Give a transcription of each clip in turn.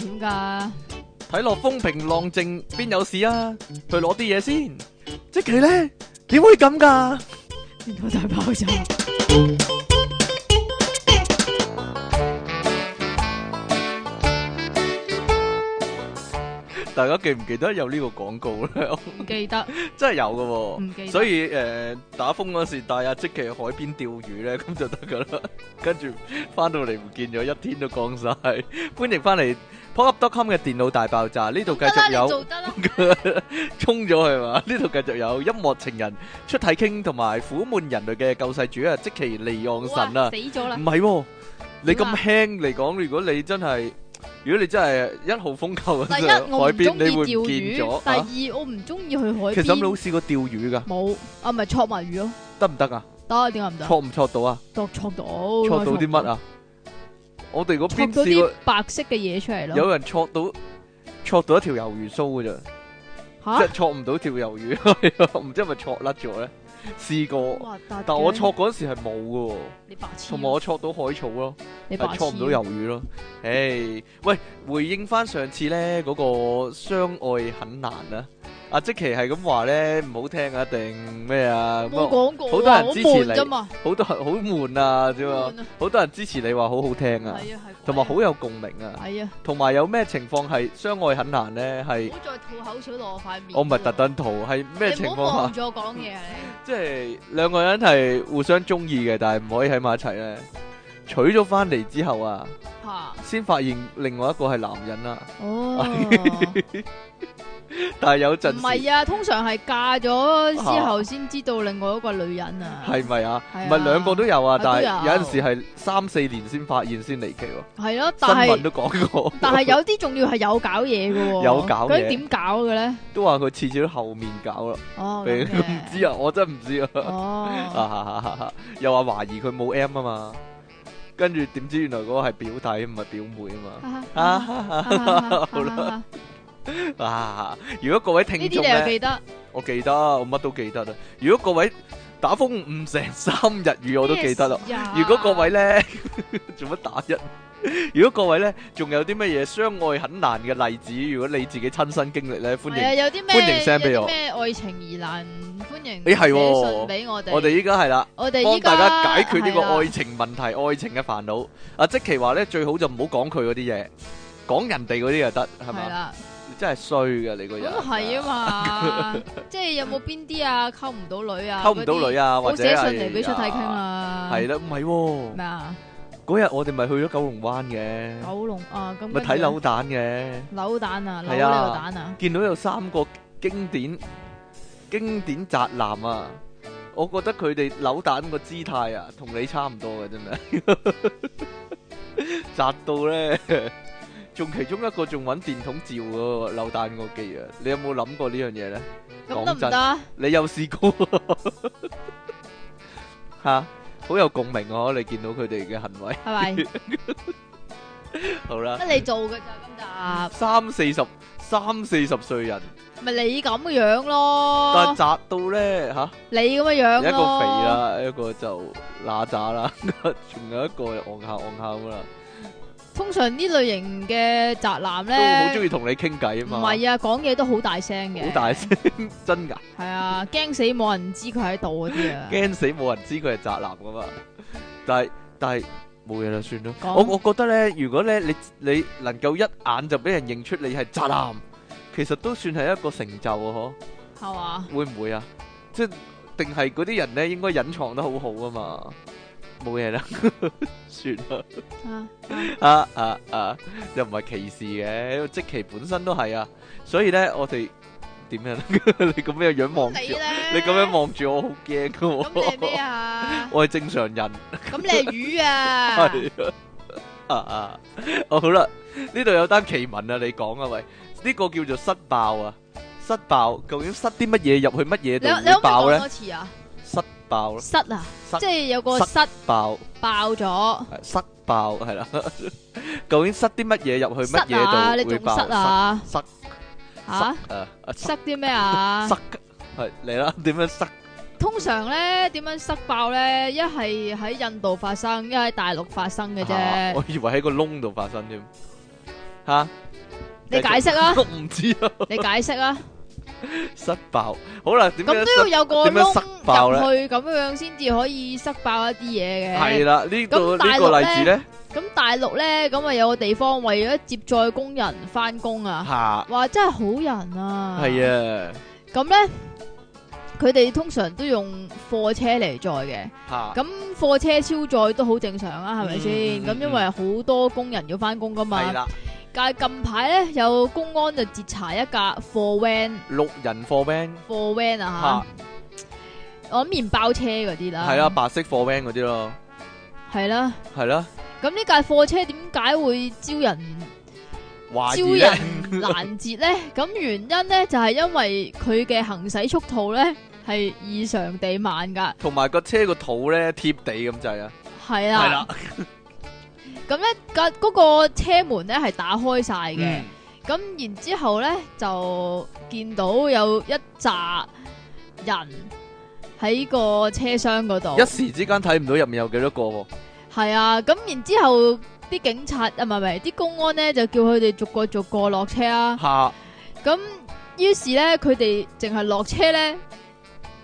點噶？睇落風平浪靜，邊有事啊？去攞啲嘢先。積淇咧，點會咁噶？唔好再跑上。大家記唔記得有呢個廣告咧？我記得。真係有嘅。唔記得。所以誒，打風嗰時帶阿積淇去海邊釣魚咧，咁就得噶啦。跟住翻到嚟唔見咗，一天都講晒。歡迎翻嚟。popdotcom 嘅電腦大爆炸，呢度繼續有充咗係嘛？呢度繼續有音樂情人出體 king，同埋苦悶人類嘅救世主啊！積淇離岸神啊！死咗啦！唔係你咁輕嚟，講，如果你真係，如果你真係一號風球喺海邊，你會見咗。第二，我唔中意去海邊。其實有冇試過釣魚噶？冇啊，咪戳埋魚咯？得唔得啊？得，點解唔得？戳唔戳到啊？戳，戳到，戳到啲乜啊？我哋嗰邊啲白色嘅嘢出嚟咯，有人戳到戳到一條魷魚鬚嘅哈即吓，戳唔到條魷魚，唔 知係咪戳甩咗咧？試過，但我戳嗰時係冇嘅，同埋、啊、我戳到海草咯，你白癡、啊、戳唔到魷魚咯。誒， hey, 喂，回應翻上次咧嗰、那個相愛很難啊！阿積淇係咁話咧，唔好聽啊，定咩啊？冇講過，好多人支持你，好多好悶啊，之嘛，好多人支持你話好好聽啊，係啊，係，同埋好有共鳴啊，係啊，同埋有咩情況係相愛很難咧？係好再吐口水落我塊面？我唔係特登吐，係咩情況啊？你唔好妨礙住我講嘢啊！即係兩個人係互相中意嘅，但係唔可以喺埋一齊咧。娶咗翻嚟之後啊，吓，先發現另外一個係男人啊。哦。但係有陣唔係啊，通常係嫁咗之後先知道另外一個女人啊，係咪啊？唔係兩個都有啊，但係有陣時係三四年先發現先離奇喎。係咯，新聞都講過。但係有啲仲要係有搞嘢嘅，有搞嘢佢點搞嘅咧？都話佢次次都後面搞啦，唔知啊，我真係唔知啊。又話懷疑佢冇 M 啊嘛，跟住點知原來嗰個係表弟唔係表妹啊嘛。好啦。啊！如果各位聽眾呢，記得我記得我乜都記得啦。如果各位打風五成三日雨，我都記得啦。啊、如果各位咧做乜打一？ 如果各位咧，仲有啲乜嘢相愛很難嘅例子？如果你自己親身經歷咧，歡迎有歡迎 send 俾我。咩愛情疑難？歡迎你係喎，俾、哦、我哋。我哋依家係啦，我哋幫大家解決呢個愛情問題，了愛情嘅煩惱。阿、啊、積淇話咧，最好就唔好講佢嗰啲嘢，講人哋嗰啲又得係咪？真係衰㗎你個樣。咁係啊嘛，即係有冇邊啲啊溝唔到女啊？溝唔到女啊，冇寫信嚟俾出體傾啦。係咯，唔係。咩啊？嗰日我哋咪去咗九龍灣嘅。九龍啊，咁咪睇扭蛋嘅。扭蛋啊，扭到呢個蛋啊！見到有三個經典經典宅男啊，我覺得佢哋扭蛋個姿態啊，同你差唔多嘅真係，宅到咧。用其中一個仲揾電筒照嗰個榴彈個機啊！你有冇諗過呢樣嘢咧？咁得唔得？你有試過嚇？好有共鳴哦！你見到佢哋嘅行為。係咪？好啦，乜你做嘅就咁咋？三四十，三四十歲人，咪你咁嘅樣咯。但係窄到咧嚇，你咁嘅樣啊！一個肥啦，一個就乸渣啦，仲有一個又憨下憨下咁啦。通常呢類型嘅宅男咧，啊，都好中意同你傾偈啊 嘛。唔係啊，講嘢都好大聲嘅。好大聲，真噶？係啊，驚死冇人知佢喺度嗰啲啊。驚死冇人知佢係宅男噶嘛？但係但係冇嘢啦，算啦。說 我我覺得咧，如果咧你你能夠一眼就俾人認出你係宅男，其實都算係一個成就啊！嗬吧。係嘛？會唔會啊？即係定係嗰啲人咧，應該隱藏得好好噶嘛？冇嘢啦，算啦。啊啊啊，又唔係歧視嘅，即其本身都係啊。所以咧，我哋點樣？你咁樣樣望住，你咁樣望住我，好驚噶。我係正常人。咁你係魚啊？係啊。啊啊，好啦，呢度有單奇聞啊，你講啊。喂，呢個叫做失爆啊，失爆究竟失啲乜嘢入去乜嘢度會爆咧？爆咗塞啊！即係有個塞爆爆咗，塞爆係啦。究竟塞啲乜嘢入去乜嘢度會爆？塞啊！塞吓？誒，塞啲咩啊？塞係嚟啦？點樣塞？通常咧，點樣塞爆咧？一係喺印度發生，一係喺大陸發生嘅啫。我以為喺個窿度發生添。吓？你解釋啦！唔知啊？你解釋啦！失 爆，好啦，咁都要有個樣窿入去，咁樣先至可以失爆一啲嘢嘅。係啦，這個、大呢度呢個例子咧。咁大陸咧，咁啊有個地方為咗接載工人翻工啊，哈哇，真係好人啊。係啊，咁咧，佢哋通常都用貨車嚟載嘅。吓哈，咁貨車超載都好正常啦、啊，係咪先？咁、嗯嗯、因為好多工人要翻工噶嘛。係啦。屆近排咧有公安就截查一架貨 van，六人貨 van，貨 van 啊，吓，啊我諗麵包車嗰啲啦，係啦、啊、白色貨 van 嗰啲咯，係啦、啊，係啦、啊。咁呢架貨車點解會招人招人攔截咧？咁 原因咧就係、是、因為佢嘅行駛速度咧係異常地慢噶，同埋個車個肚咧貼地咁滯啊，係啊。 咁咧，個嗰個車門咧係打開晒嘅。咁、嗯、然之後咧，就見到有一紮人喺個車廂嗰度。一時之間睇唔到入面有幾多個喎。係啊，咁然之後啲警察唔係唔係啲公安咧，就叫佢哋逐個逐個落車啊。嚇！咁於是咧，佢哋淨係落車咧。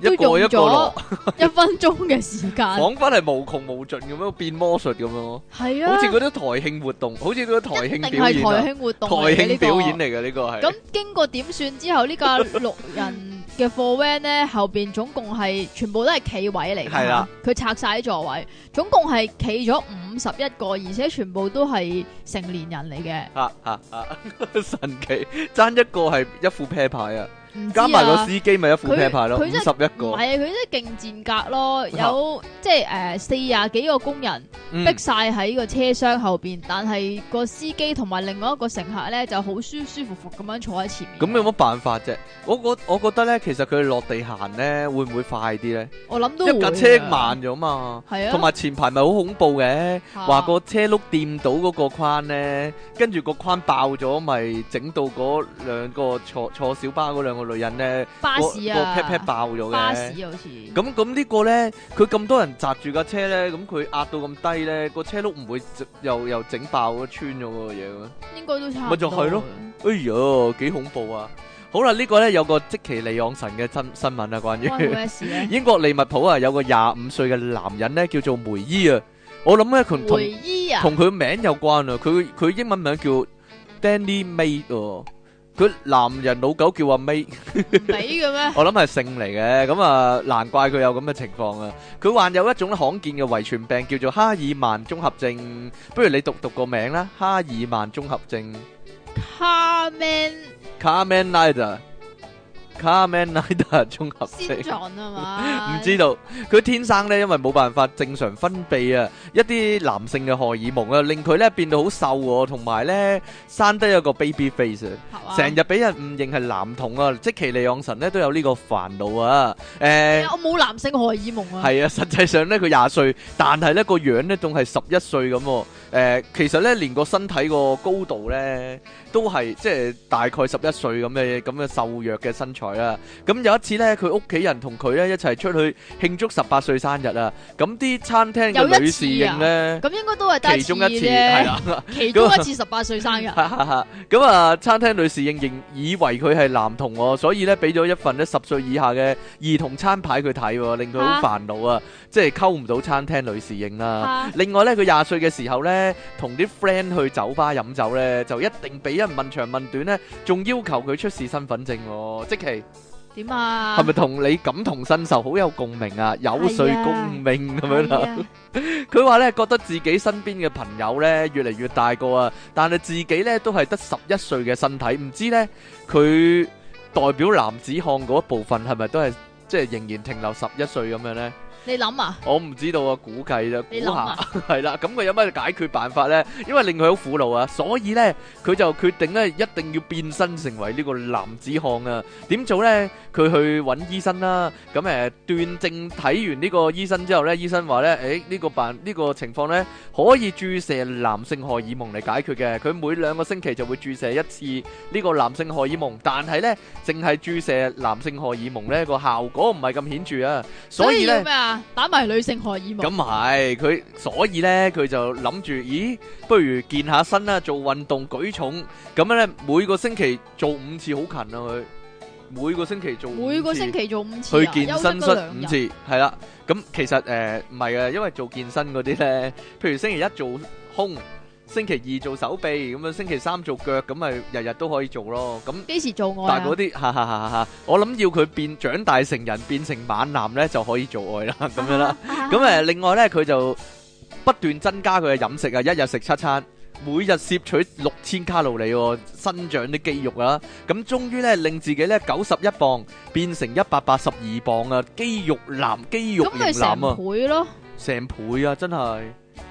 一個一個落，一分鐘嘅時間， 講翻係無窮無盡咁樣變魔術咁樣，係啊，好似嗰啲台慶活動，好似嗰台慶表、啊、台慶活動、這個，台慶表演嚟嘅呢個係。咁經過點算之後，呢 個六人嘅貨 van 咧，後邊總共係全部都係企位嚟嘅，係啦、啊，佢拆晒啲座位，總共係企咗五十一個，而且全部都係成年人嚟嘅、啊，啊啊啊，神奇，爭一個係一副啤牌啊！啊、加埋個司機咪一副 pair 牌咯，五十一個，係啊，佢真係勁戰格咯，啊、有即係誒四廿幾個工人逼晒喺個車廂後邊，嗯、但係個司機同埋另外一個乘客咧就好舒舒服服咁樣坐喺前面。咁有乜辦法啫？我覺我覺得咧，其實佢落地行咧會唔會快啲咧？我諗到一架車慢咗嘛，係啊。同埋前排咪好恐怖嘅，話個、啊、車轆掂到個框咧，跟住個框爆咗，咪整到嗰兩個坐坐小巴嗰兩個。女人咧，巴士啊，pat pat 爆咗嘅，巴士好似。咁咁呢個咧，佢咁多人砸住架車咧，咁佢壓到咁低咧，個車轆唔會又又整爆咗穿咗嗰個嘢咩？應該都差唔多。咪就係咯，哎呀，幾恐怖啊！好啦，呢個咧有個積淇離岸神嘅新新聞啊，關於英國利物浦啊，有個廿五歲嘅男人咧叫做梅姨啊，我諗咧同梅姨啊，同同佢名有關啊，佢佢英文名叫 Danny May 啊。佢男人老狗叫阿 May，女嘅咩？我諗係姓嚟嘅，咁啊難怪佢有咁嘅情況啊！佢患有一種罕見嘅遺傳病叫做哈爾曼綜合症，不如你讀讀個名啦，哈爾曼綜合症。Carmen，Carmen Rider。卡曼拉都係綜合症，唔知道佢天生咧，因為冇辦法正常分泌啊一啲男性嘅荷爾蒙啊，令佢咧變到好瘦同埋咧生得一個 baby face，成日俾人誤認係男童啊！即積淇離岸神咧都有呢個煩惱啊！誒、欸欸，我冇男性荷爾蒙啊！係啊，實際上咧佢廿歲，但係咧個樣咧仲係十一歲咁。誒、啊欸，其實咧連個身體個高度咧都係即係大概十一歲咁嘅咁嘅瘦弱嘅身材。嚟，咁有一次咧,佢屋企人同佢咧一齊出去慶祝十八歲生日啊！咁啲餐廳嘅女侍應呢，咁、啊、應該都係其中一次，係 啊，其中一次十八歲生日。咁 啊，餐廳女侍應認以為佢係男童，啊，所以咧俾咗一份咧十歲以下嘅兒童餐牌佢睇，啊，令佢好煩惱啊！啊即係溝唔到餐廳女侍應啦。啊、另外咧，佢廿歲嘅時候咧，同啲 friend 去酒吧飲酒咧，就一定俾人問長問短咧，仲要求佢出示身份證，啊，即點啊？係咪同你感同身受，好有共鳴啊？有誰共鳴咁樣啦。佢話咧，覺得自己身邊嘅朋友咧，越嚟越大個啊，但係自己咧都係得十一歲嘅身體，唔知咧佢代表男子漢嗰一部分是是是，係咪都係即係仍然停留十一歲咁樣咧？你諗啊？我唔知道啊，估計啫，估下係啦。咁佢有咩解決辦法呢？因為令佢好苦惱啊，所以呢佢就決定呢，一定要變身成為呢個男子漢啊。點做呢？佢去揾醫生啦。咁誒，斷症睇完呢個醫生之後呢，醫生話呢，誒呢個辦呢個情況呢，可以注射男性荷爾蒙嚟解決嘅。佢每兩個星期就會注射一次呢個男性荷爾蒙，但係呢淨係注射男性荷爾蒙呢個效果唔係咁顯著啊。所以呢。打埋女性荷爾蒙。咁係佢，所以咧，佢就諗住，咦，不如健下身啦，做運動舉重，咁樣咧，每個星期做五次好勤啊佢，每個星期做每個星期做五次去健身室五次，係啦，咁其實誒唔係啊，因為做健身嗰啲咧，譬如星期一做胸。星期二做手臂咁樣，星期三做腳，咁咪日日都可以做咯。咁幾時做愛啊？但係嗰啲哈哈哈！我諗要佢變長大成人，變成猛男咧就可以做愛啦，咁樣啦。咁誒，另外咧，佢就不斷增加佢嘅飲食啊，一日食七餐，每日攝取六千卡路里，哦，生長啲肌肉啊。咁終於咧，令自己咧九十一磅變成一百八十二磅啊，肌肉男，肌肉男啊，成倍咯，成倍啊，真係。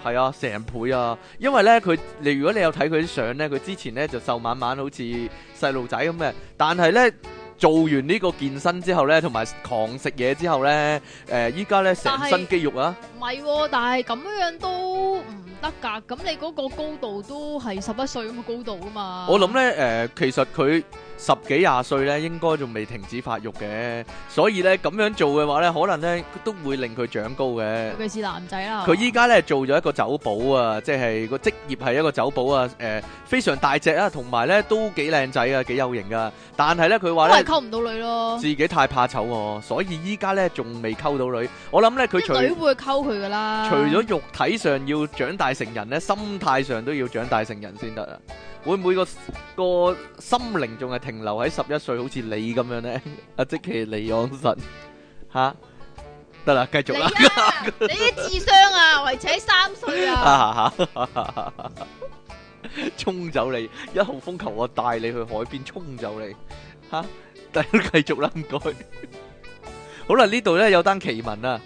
係啊，成倍啊！因為咧，佢你如果你有睇佢啲相咧，佢之前咧就瘦蜢蜢，好似細路仔咁嘅。但係咧，做完呢個健身之後咧，同埋狂食嘢之後咧，誒、呃，依家咧成身肌肉啊！唔係、哦，但係咁樣樣都唔得噶。咁你嗰個高度都係十一歲咁嘅高度啊嘛。我諗咧，誒、呃，其實佢。十幾廿歲咧，應該仲未停止發育嘅，所以咧咁樣做嘅話咧，可能咧都會令佢長高嘅。尤其是男仔啦。佢依家咧做咗一個酒保啊，即係個職業係一個酒保啊，誒、呃、非常大隻啊，同埋咧都幾靚仔啊，幾有型噶。但係咧佢話咧都係溝唔到女咯。自己太怕醜喎，所以依家咧仲未溝到女。我諗咧佢除女會溝佢噶啦。除咗肉體上要長大成人咧，心態上都要長大成人先得啊。會唔會個個心靈仲係停留喺十一歲，好似你咁樣咧？阿即積淇離岸神，吓得啦，繼續啦！你啲智商啊，維持喺三歲啊！沖走你，一號風球，我帶你去海邊沖走你，吓！大家繼續啦，唔該。好啦，呢度咧有單奇聞啊！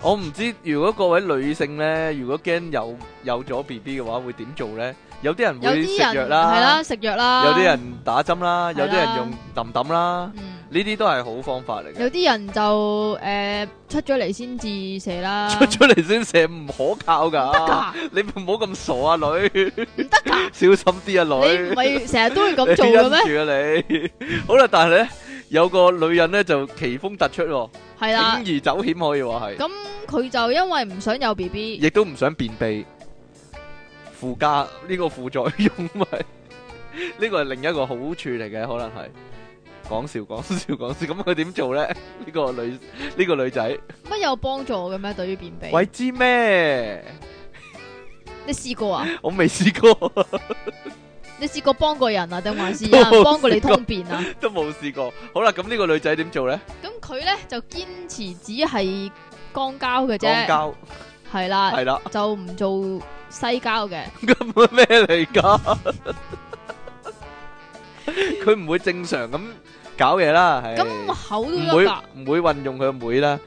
我唔知如果各位女性咧，如果驚有有咗 B B 嘅話，會點做咧？有啲人會食藥啦，係啦，食藥啦。有啲人打針啦，有啲人用揼揼啦，呢啲都係好方法嚟。有啲人就誒出咗嚟先至射啦。出咗嚟先射唔可靠噶得噶，你唔好咁傻啊女。唔得噶，小心啲啊女。你唔係成日都會咁做嘅咩？你忍住啊你。好啦，但係咧有個女人咧就奇風突出喎。係啦，鋌而走險可以話係。咁佢就因為唔想有 B B，亦都唔想便秘。附加呢個副作用咪？呢個係另一個好處嚟嘅，可能係講笑講笑講笑。咁佢點做咧？呢個女呢個女仔乜有幫助嘅咩？對於便秘，喂，知咩？你試過啊？我未試過。你試過幫過人啊？定還是有人幫過你通便啊？都冇試過。好啦，咁呢個女仔點做咧？咁佢咧就堅持只係肛交嘅啫。肛交。係啦，就唔做西郊嘅。咁咩嚟噶？佢唔會正常咁搞嘢啦。咁口都唔會，唔會運用佢嘅妹啦。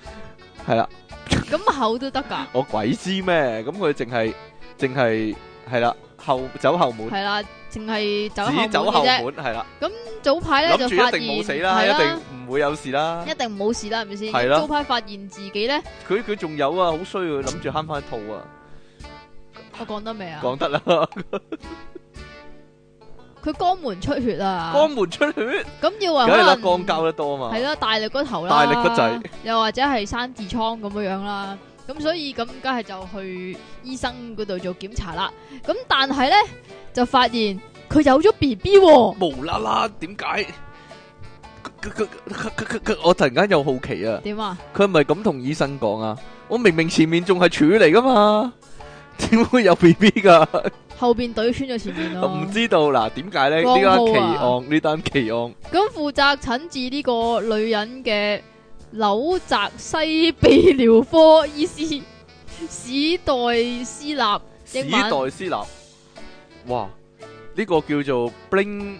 係啦，咁口都得噶？我鬼知咩？咁佢淨係淨係係啦。後走後門係啦，淨係只走後門係啦。咁早排咧就發現係啦，一定唔會有事啦，一定冇事啦，係咪先？係啦，早排發現自己咧，佢佢仲有啊，好衰啊，諗住慳翻一套啊。我講得未啊？講得啦。佢肛門出血啊！肛門出血，咁要話可能肛交得多啊嘛？係咯，大力骨頭啦，大力骨仔，又或者係生痔瘡咁樣樣啦。咁、嗯、所以咁，梗係就去醫生嗰度做檢查啦。咁但係咧，就發現佢有咗 B B。無啦啦，點解？我突然間又好奇啊！點啊？佢係咪咁同醫生講啊？我明明前面仲係處理噶嘛，點會有 B B 噶？後邊隊穿咗前面咯，啊。唔 知道嗱，點解咧？呢單、啊、奇案，呢單奇案。咁負責診治呢個女人嘅。紐澤西泌尿科醫師史代斯納，史代斯納，哇！呢個叫做 bling，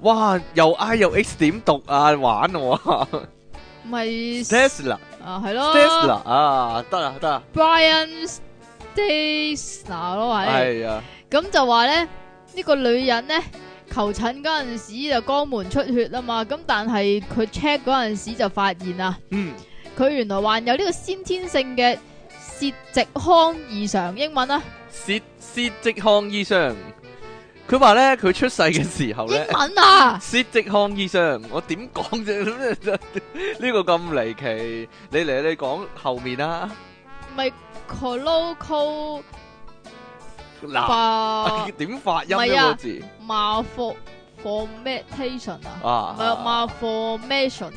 哇！又 I 又 X 點讀啊？玩啊！咪 Tesla 啊，係咯，Tesla 啊，得啦得啦，Brian Stasna 咯，係啊，咁就話咧，呢個女人咧。求診嗰陣時就肛門出血啦嘛，咁但係佢 check 嗰陣時就發現啦，佢、嗯、原來患有呢個先天性嘅泄殖腔異常，英文呢？泄泄殖腔異常，佢話咧佢出世嘅時候咧，英文啊，泄殖腔異常，我點講啫？呢 個咁離奇，你嚟你講後面啊，咪 c l o c o 發點啦、啊、發音呢、啊啊、個字佛？malformation at 啊，唔係 malformation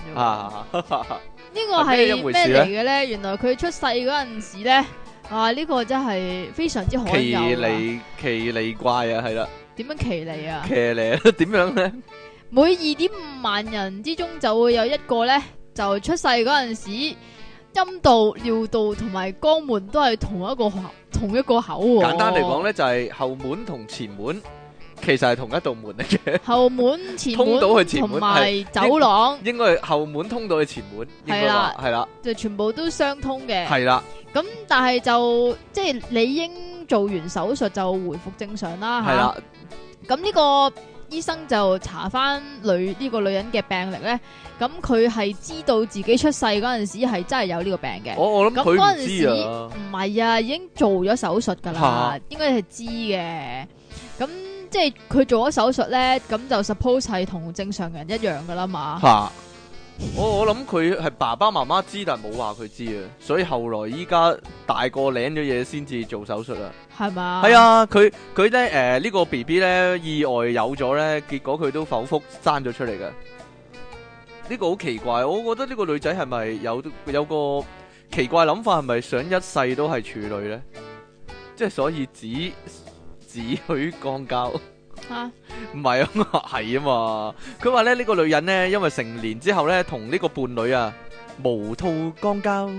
呢個係咩嚟嘅咧？原來佢出世嗰陣時咧，啊呢、這個真係非常之罕見，騎呢騎呢怪啊，係啦。點樣騎呢啊？騎呢點樣咧？每二點五萬人之中就會有一個咧，就出世嗰陣時。陰道、尿道同埋肛門都係同一個口，同一個口、啊。簡單嚟講呢就係、是、後門同前門其實係同一道門嚟嘅。後門、前門同埋走廊。應該係後門通到去前門。係啦，係啦，就全部都相通嘅。係啦、啊。咁但係就即係、就是、理應做完手術就回復正常啦，吓、啊。係啦、啊。咁呢、這個。醫生就查翻女呢、呢個女人嘅病歷咧，咁佢係知道自己出世嗰陣時係真係有呢個病嘅。哦，咁嗰陣時唔係啊，啊，已經做咗手術㗎啦，哈應該係知嘅。咁即係佢做咗手術咧，咁就 suppose 係同正常人一樣㗎啦嘛。我我諗佢係爸爸媽媽知，但係冇話佢知啊，所以後來依家大個領咗嘢先至做手術吧啊，係嘛？係啊，佢佢咧誒呢個 B B 咧意外有咗咧，結果佢都剖腹生咗出嚟嘅，呢、呢個好奇怪，我覺得呢個女仔係咪有有個奇怪諗法，係咪想一世都係處女咧？即係所以只只許肛交。吓，唔係啊，係是啊， 啊嘛。佢話咧呢、這個女人咧，因為成年之後咧同呢個伴侶啊無套肛交，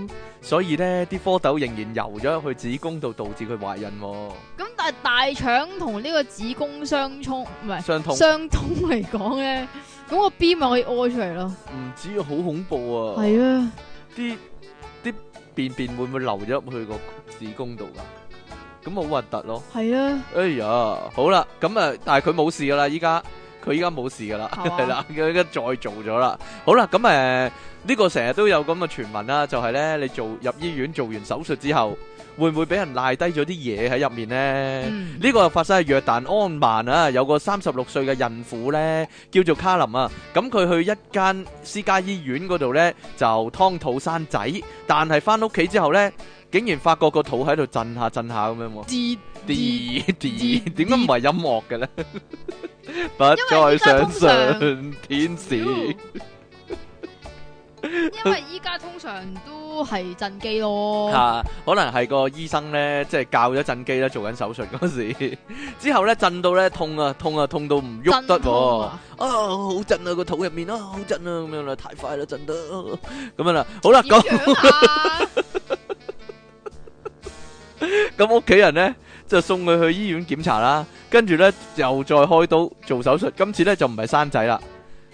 所以咧啲蝌蚪仍然游咗去子宮度，導致佢懷孕、啊。咁但係大腸同呢個子宮相衝唔係相通？相通嚟講咧，咁痛、個 B 咪可以屙出嚟咯？唔知啊，好恐怖啊！係啊，啲啲、啊、便便會唔會流咗入去個子宮度噶？咁好核突咯，係啊！哎呀，好啦，咁啊，但係佢冇事噶啦，依家佢依家冇事噶啦，係啦，佢而家再做咗啦。好啦，咁誒，呢、呃這個成日都有咁嘅傳聞啦，就係、是、呢，你做入醫院做完手術之後，會唔會俾人賴低咗啲嘢喺入面呢？呢、嗯、個發生喺約旦安曼啊，有個三十六歲嘅孕婦呢，叫做卡琳啊，咁佢去一間私家醫院嗰度呢，就劏肚生仔，但係翻屋企之後呢。竟然發覺個肚喺度震下震下咁樣，嘀嘀嘀，點解唔係音樂嘅咧？不再相信天使。因為依家通常都係震機咯。吓，可能係個醫生咧，即係校咗震機啦，做緊手術嗰時之後咧，震到咧痛啊痛啊痛到唔喐得，啊好震啊個肚入面啊好震啊咁樣啦，太快啦震得咁樣啦，好啦講。咁屋企人呢，就送佢去醫院檢查啦，跟住呢，又再開刀做手術。今次呢，就唔係生仔啦，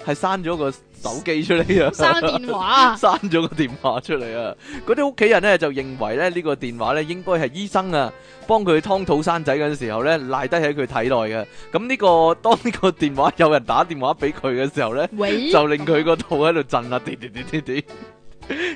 係生咗個手機出嚟啊！生電話，生咗 個電話出嚟啊！嗰啲屋企人呢，就認為咧呢、呢個電話呢，應該係醫生啊幫佢劏肚生仔嗰陣時候呢，賴低喺佢體內嘅。咁呢、呢個當呢個電話有人打電話俾佢嘅時候呢，喂就令佢個肚喺度震啊，喋喋喋喋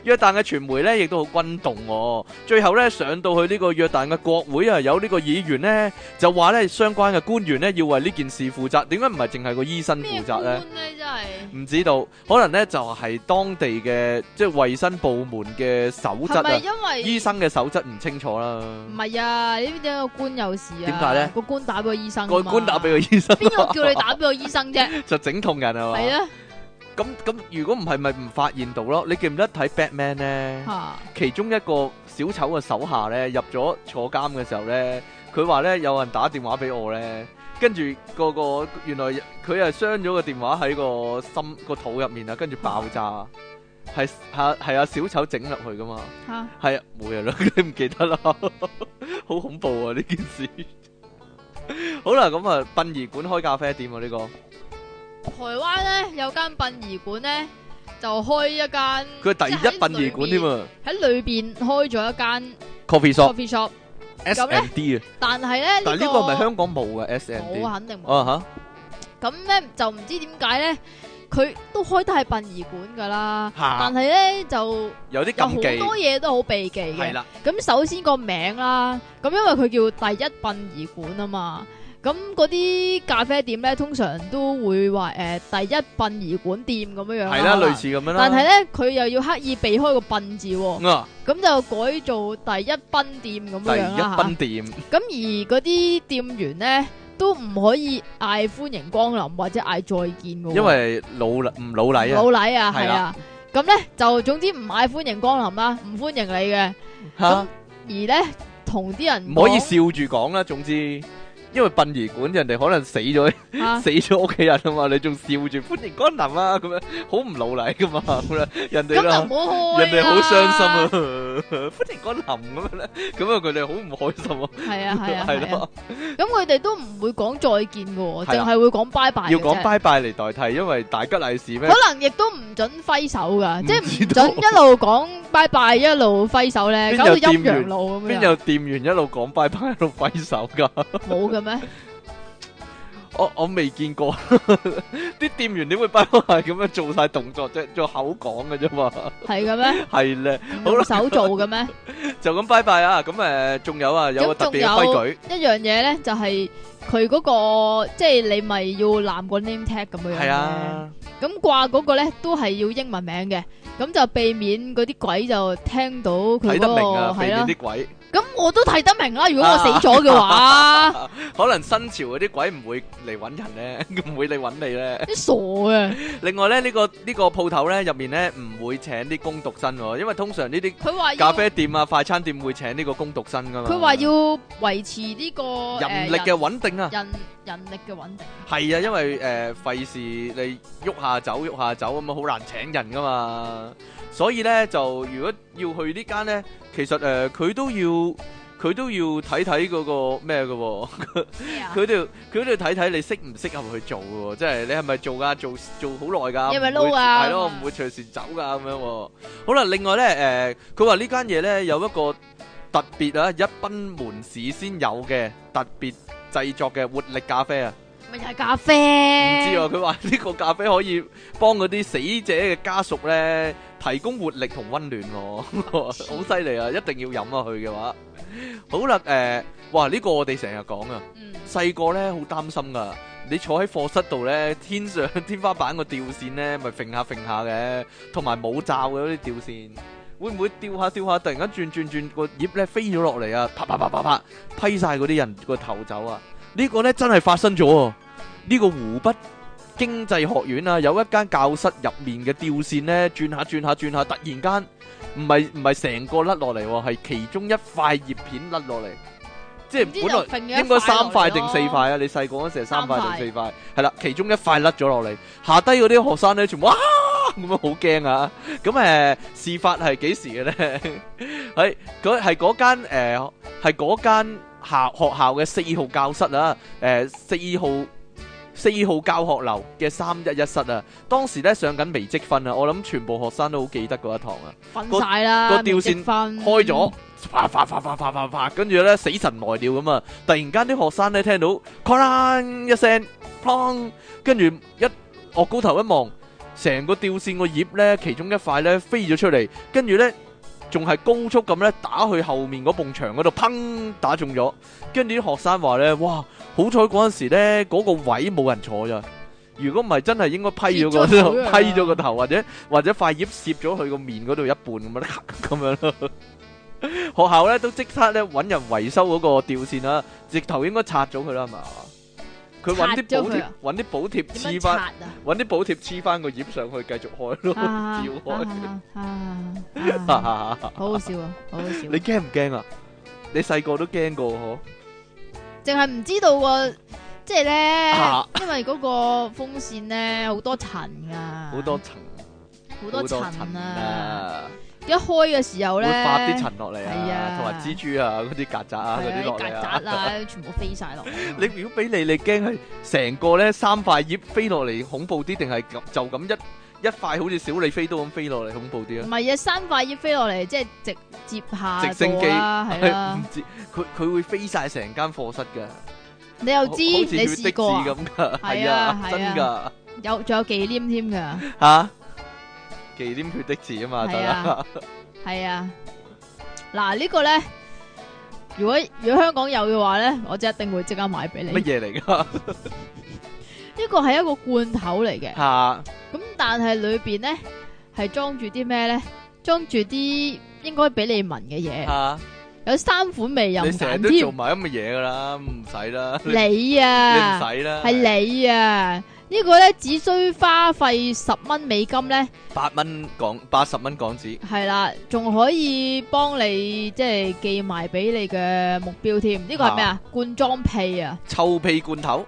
約旦嘅傳媒咧，亦都好轟動哦。最後咧，上到去呢個約旦嘅國會啊，有呢個議員呢就話咧，相關嘅官員呢要為呢件事負責。點解唔係淨係個醫生負責咧？真係唔知道，可能咧就係、是、當地嘅即係衛生部門嘅守則啊。係咪因為醫生嘅守則唔清楚啦？唔係啊，呢邊個官有事啊？點解咧？個官打俾個醫生。個官打俾個醫生，啊。邊個叫你打俾個醫生啫？就整痛人啊嘛。係啊。咁咁，如果唔係，咪唔發現到咯？你記唔記得睇《Batman》咧？啊！其中一個小丑嘅手下咧，入咗坐監嘅時候咧，佢話咧有人打電話俾我咧，跟住個個原來佢係傷咗個電話喺個心個肚入面啊，跟住爆炸，係係係阿小丑整入去㗎嘛？嚇！係啊，冇嘢啦，你唔記得啦？好恐怖啊！呢件事。好啦，咁啊，殯儀館開咖啡店啊，呢個。台灣咧有間殯儀館咧，就開一間。佢係第一殯儀館添喎。喺裏邊開咗一間 coffee shop。coffee shop S M D 啊。但係咧，但係呢個唔係香港冇嘅 S M D。我肯定冇。啊吓。咁咧就唔知點解咧，佢都開得係殯儀館噶啦。吓。但係咧就有啲禁忌。咁好多嘢都好避忌嘅。係啦。咁首先個名啦，咁因為佢叫第一殯儀館啊嘛。咁嗰啲咖啡店咧，通常都會話誒，第一殯儀館店咁樣樣係啦，類似咁樣啦。但係咧，佢又要刻意避開個殯字，咁就改做第一賓店咁樣樣啦吓。第一賓店。咁而嗰啲店員咧，都唔可以嗌歡迎光臨或者嗌再見嘅。因為老唔老禮啊？老禮啊，係啊。咁咧就總之唔嗌歡迎光臨啦，唔歡迎你嘅。吓。而咧同啲人唔可以笑住講啦，總之。因為殯儀館人哋可能死咗，死咗屋企人啊嘛，你仲笑住歡迎光臨啊，咁樣好唔老禮噶嘛，咁樣人哋咯，人哋好傷心啊，歡迎光臨咁樣咧，咁啊佢哋好唔開心啊。係啊係啊係咯。咁佢哋都唔會講再見噶，淨係會講拜拜。要講拜拜嚟代替，因為大吉利是咩？可能亦都唔准揮手噶，即係唔准一路講拜拜一路揮手咧，搞到陰陽路咁樣。邊有店員一路講拜拜一路揮手噶？冇噶。係咩？我我未見過，啲店員點會拜拜咁樣做晒動作啫，做口講嘅啫嘛。係嘅咩？係咧，好啦，手做嘅咩？就咁拜拜啊！咁誒，仲有啊，有個特別規矩，一樣嘢咧就係佢嗰個，即係你咪要攬個 name tag 咁樣樣。係啊，咁掛嗰個咧都係要英文名嘅，咁就避免嗰啲鬼就聽到佢。睇得明啊！避免啲鬼。咁我都睇得明啦，如果我死咗嘅話， 可能新潮嗰啲鬼唔會嚟揾人咧，唔會嚟揾你咧。啲傻啊 的！ 另外咧，這個這個、呢個呢個鋪頭咧入面咧唔會請啲工讀生，因為通常呢啲咖啡店啊、說快餐店會請呢個工讀生噶嘛。佢話要維持呢、這個人力嘅穩定啊，呃、人人力嘅穩定。係啊，因為誒費事你喐下走喐下走咁啊，好難請人噶嘛。所以咧就如果要去間呢間咧。其實誒，佢都要佢都要睇睇嗰個咩嘅，佢都要佢都要睇睇你適唔適合去做嘅，即係你係咪做噶，做做好耐噶，係咯，唔會隨時走噶咁樣。好啦，另外咧，誒，佢話呢間嘢咧有一個特別啊，一奔門市先有嘅特別製作嘅活力咖啡啊，咪就係咖啡？唔知啊，佢話呢個咖啡可以幫嗰啲死者嘅家屬咧。提供活力同溫暖，好犀利啊！一定要飲啊，去嘅話， 好啦，誒、呃，哇，呢、這個我哋成日講啊，細個咧好擔心噶，你坐喺課室度咧，天上，天，上天花板個吊線扇咧，咪揈下揈下嘅，同埋冇罩嘅嗰啲吊扇，會唔會掉下掉下？突然間轉轉轉個葉咧飛咗落嚟啊！啪啪啪啪啪，批晒嗰啲人個頭走啊！這個、呢個咧真係發生咗喎，呢、這個湖北。經濟學院啊，有一間教室入面嘅吊扇咧，轉下轉下轉下，突然間唔係唔係成個甩落嚟喎，係其中一塊葉片甩落嚟，即係知本來應該三塊定四塊啊！你細個嗰陣時係三塊定四塊，係啦塊，其中一塊甩咗落嚟，下低嗰啲學生咧，全部哇咁樣好驚啊！咁誒、呃、事發係幾時嘅咧？係嗰係嗰間誒校、呃、學,學校嘅四號教室啊！誒、呃、四號。四號教學樓嘅三一一室啊，當時咧上緊微積分啊，我諗全部學生都好記得嗰一堂啊，瞓晒啦個吊扇開咗，跟住咧死神來了咁啊！突然間啲學生咧聽到，哐啷一聲，砰，跟住一我高頭一望，成個吊扇個葉咧其中一塊咧飛咗出嚟，跟住咧。仲係高速咁咧打去後面嗰埲牆嗰度，砰，打中咗。跟住啲學生話咧，哇，好彩嗰陣時咧嗰個位冇人坐咋。如果唔係，真係應該批咗個頭，啊、批咗個頭，或者或者塊葉攝咗佢個面嗰度一半咁樣咯。樣 學校咧都即刻咧搵人維修嗰個吊扇啦，直頭應該拆咗佢啦，係嘛？佢搵啲補貼，搵啲補貼黐翻，搵啲補貼黐翻個葉上去，繼續開咯，照開。啊，好好笑啊，好好笑！你驚唔驚啊？你細個都驚過嗬？淨係唔知道個，即係咧，因為嗰個風扇咧好多塵噶，好多塵，好多塵啊。一開嘅時候咧，會發啲塵落嚟。係啊，同埋蜘蛛啊，嗰啲曱甴啊，嗰啲落嚟啊，曱甴啦，全部飛晒落。你如果俾你，你驚係成個咧三塊葉飛落嚟恐怖啲，定係就咁一一塊好似小李飛刀咁飛落嚟恐怖啲啊？唔係啊，三塊葉飛落嚟即係直接下過啦，直升機，係啦，唔知佢佢會飛晒成間課室噶你又知？你試過？係啊，真噶。有仲有忌廉添噶。吓？記啲缺的字啊嘛，得啦。係啊，嗱呢個咧，如果如果香港有嘅話咧，我就一定會即刻買俾你。乜嘢嚟噶？呢個係一個罐頭嚟嘅。吓。咁但係裏邊咧係裝住啲咩咧？裝住啲應該俾你聞嘅嘢。吓。有三款味又難添。你成日都做埋咁嘅嘢噶啦，唔使啦。你啊。你唔使啦。係你啊。呢個咧，只需花費十蚊美金咧，八蚊港八十蚊港紙係啦，仲可以幫你即係寄埋俾你嘅目標添。呢個係咩啊？罐裝屁啊！臭屁罐頭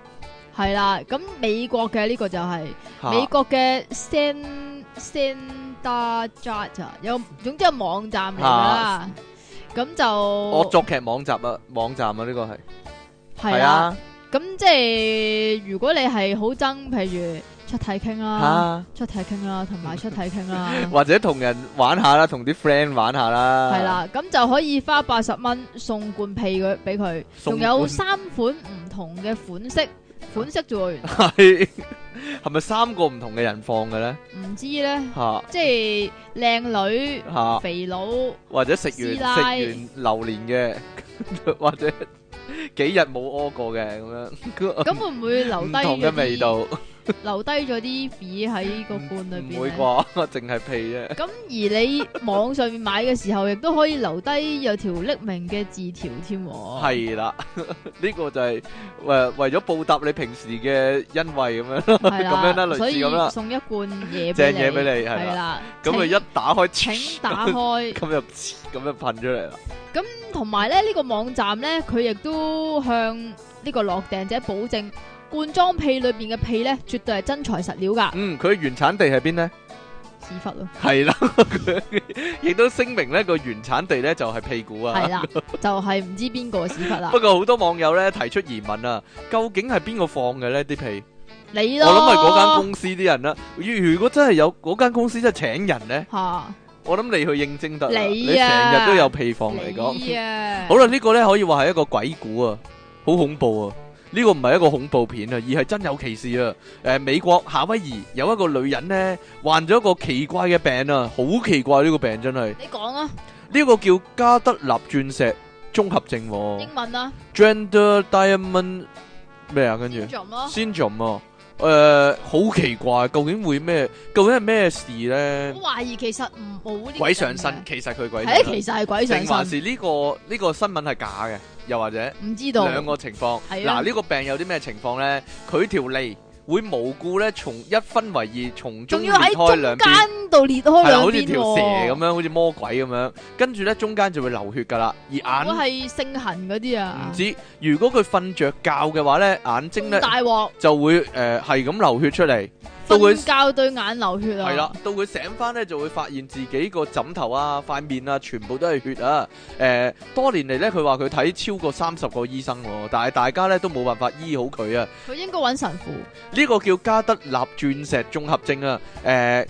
係啦。咁美國嘅呢個就係美國嘅 Santa John 啊，有總之係網站嚟噶啦。咁就惡作劇網站啊，網站啊，呢個係係啊。咁即係如果你係好憎，譬如出體 king 啦，蛤出體 king 啦，同埋出體 king 啦， 或者同人玩下啦，同啲 friend 玩下啦，係啦，咁就可以花八十蚊送罐屁佢俾佢，仲送 有三款唔同嘅款式，啊、款式啫，係係咪三個唔同嘅人放嘅咧？唔知咧，啊、即係靚女、啊、肥佬老或者食完食完榴蓮嘅， 或者。幾日冇屙過嘅咁樣，咁會唔會留低唔同嘅味道？ 留低咗啲屁喺個罐裏邊，唔會啩？我淨係屁啫。咁而你網上面買嘅時候，亦都可以留低有條匿名嘅字條添。係啦，呢個就係誒為咗報答你平時嘅恩惠咁樣咯，係咁樣啦，類似咁啦，送一罐嘢正嘢俾你係啦。咁佢一打開，請打開，咁就咁樣噴出嚟啦。咁同埋咧，呢個網站咧，佢亦都向呢個落訂者保證。罐裝屁裏邊嘅屁咧，絕對係真材實料噶。嗯，佢原產地係邊呢？屎忽咯，係啦，亦都聲明呢個原產地咧就係屁股啊。係啦的， 就係唔知邊個屎忽啦。不過好多網友咧提出疑問啊，究竟係邊個放嘅呢啲屁？你咯，我諗係嗰間公司啲人啦，啊。如果真係有嗰間公司真係請人咧，吓，啊，我諗你去應徵得，你成，啊、日都有屁放嚟講。啊， 好啦，呢，這個咧可以話係一個鬼故啊，好恐怖啊！呢個唔係一個恐怖片啊，而係真有其事啊！誒，美國夏威夷有一個女人咧，患咗一個奇怪嘅病啊，好奇怪呢個病真係。你講啊！呢個叫加德納鑽石綜合症。英文啊。Gardner Diamond 咩啊？跟住。Syndrome。Syndrome。誒，好奇怪，究竟會咩？究竟係咩事咧？我懷疑其實唔冇。鬼上身，其實佢鬼。誒，其實係鬼上身，定還是呢個呢個新聞係假嘅？又或者唔知道兩個情況，嗱，呢個病有啲咩情況咧？佢條脷會無故咧從一分為二，從中裂開兩邊，要喺中間度裂開兩邊，係好似條蛇咁樣，好似魔鬼咁樣。跟住咧，中間就會流血噶啦，而眼如果係性痕嗰啲啊，唔知如果佢瞓着覺嘅話咧，眼睛咧大鑊就會誒，係咁流血出嚟。到佢教對眼流血啊！係啦，到佢醒翻咧，就會發現自己個枕頭啊、塊面啊，全部都係血啊！誒，多年嚟咧，佢話佢睇超過三十個醫生，但係大家咧都冇辦法醫好佢啊！佢應該揾神父。呢個叫加德納鑽石綜合症啊！誒，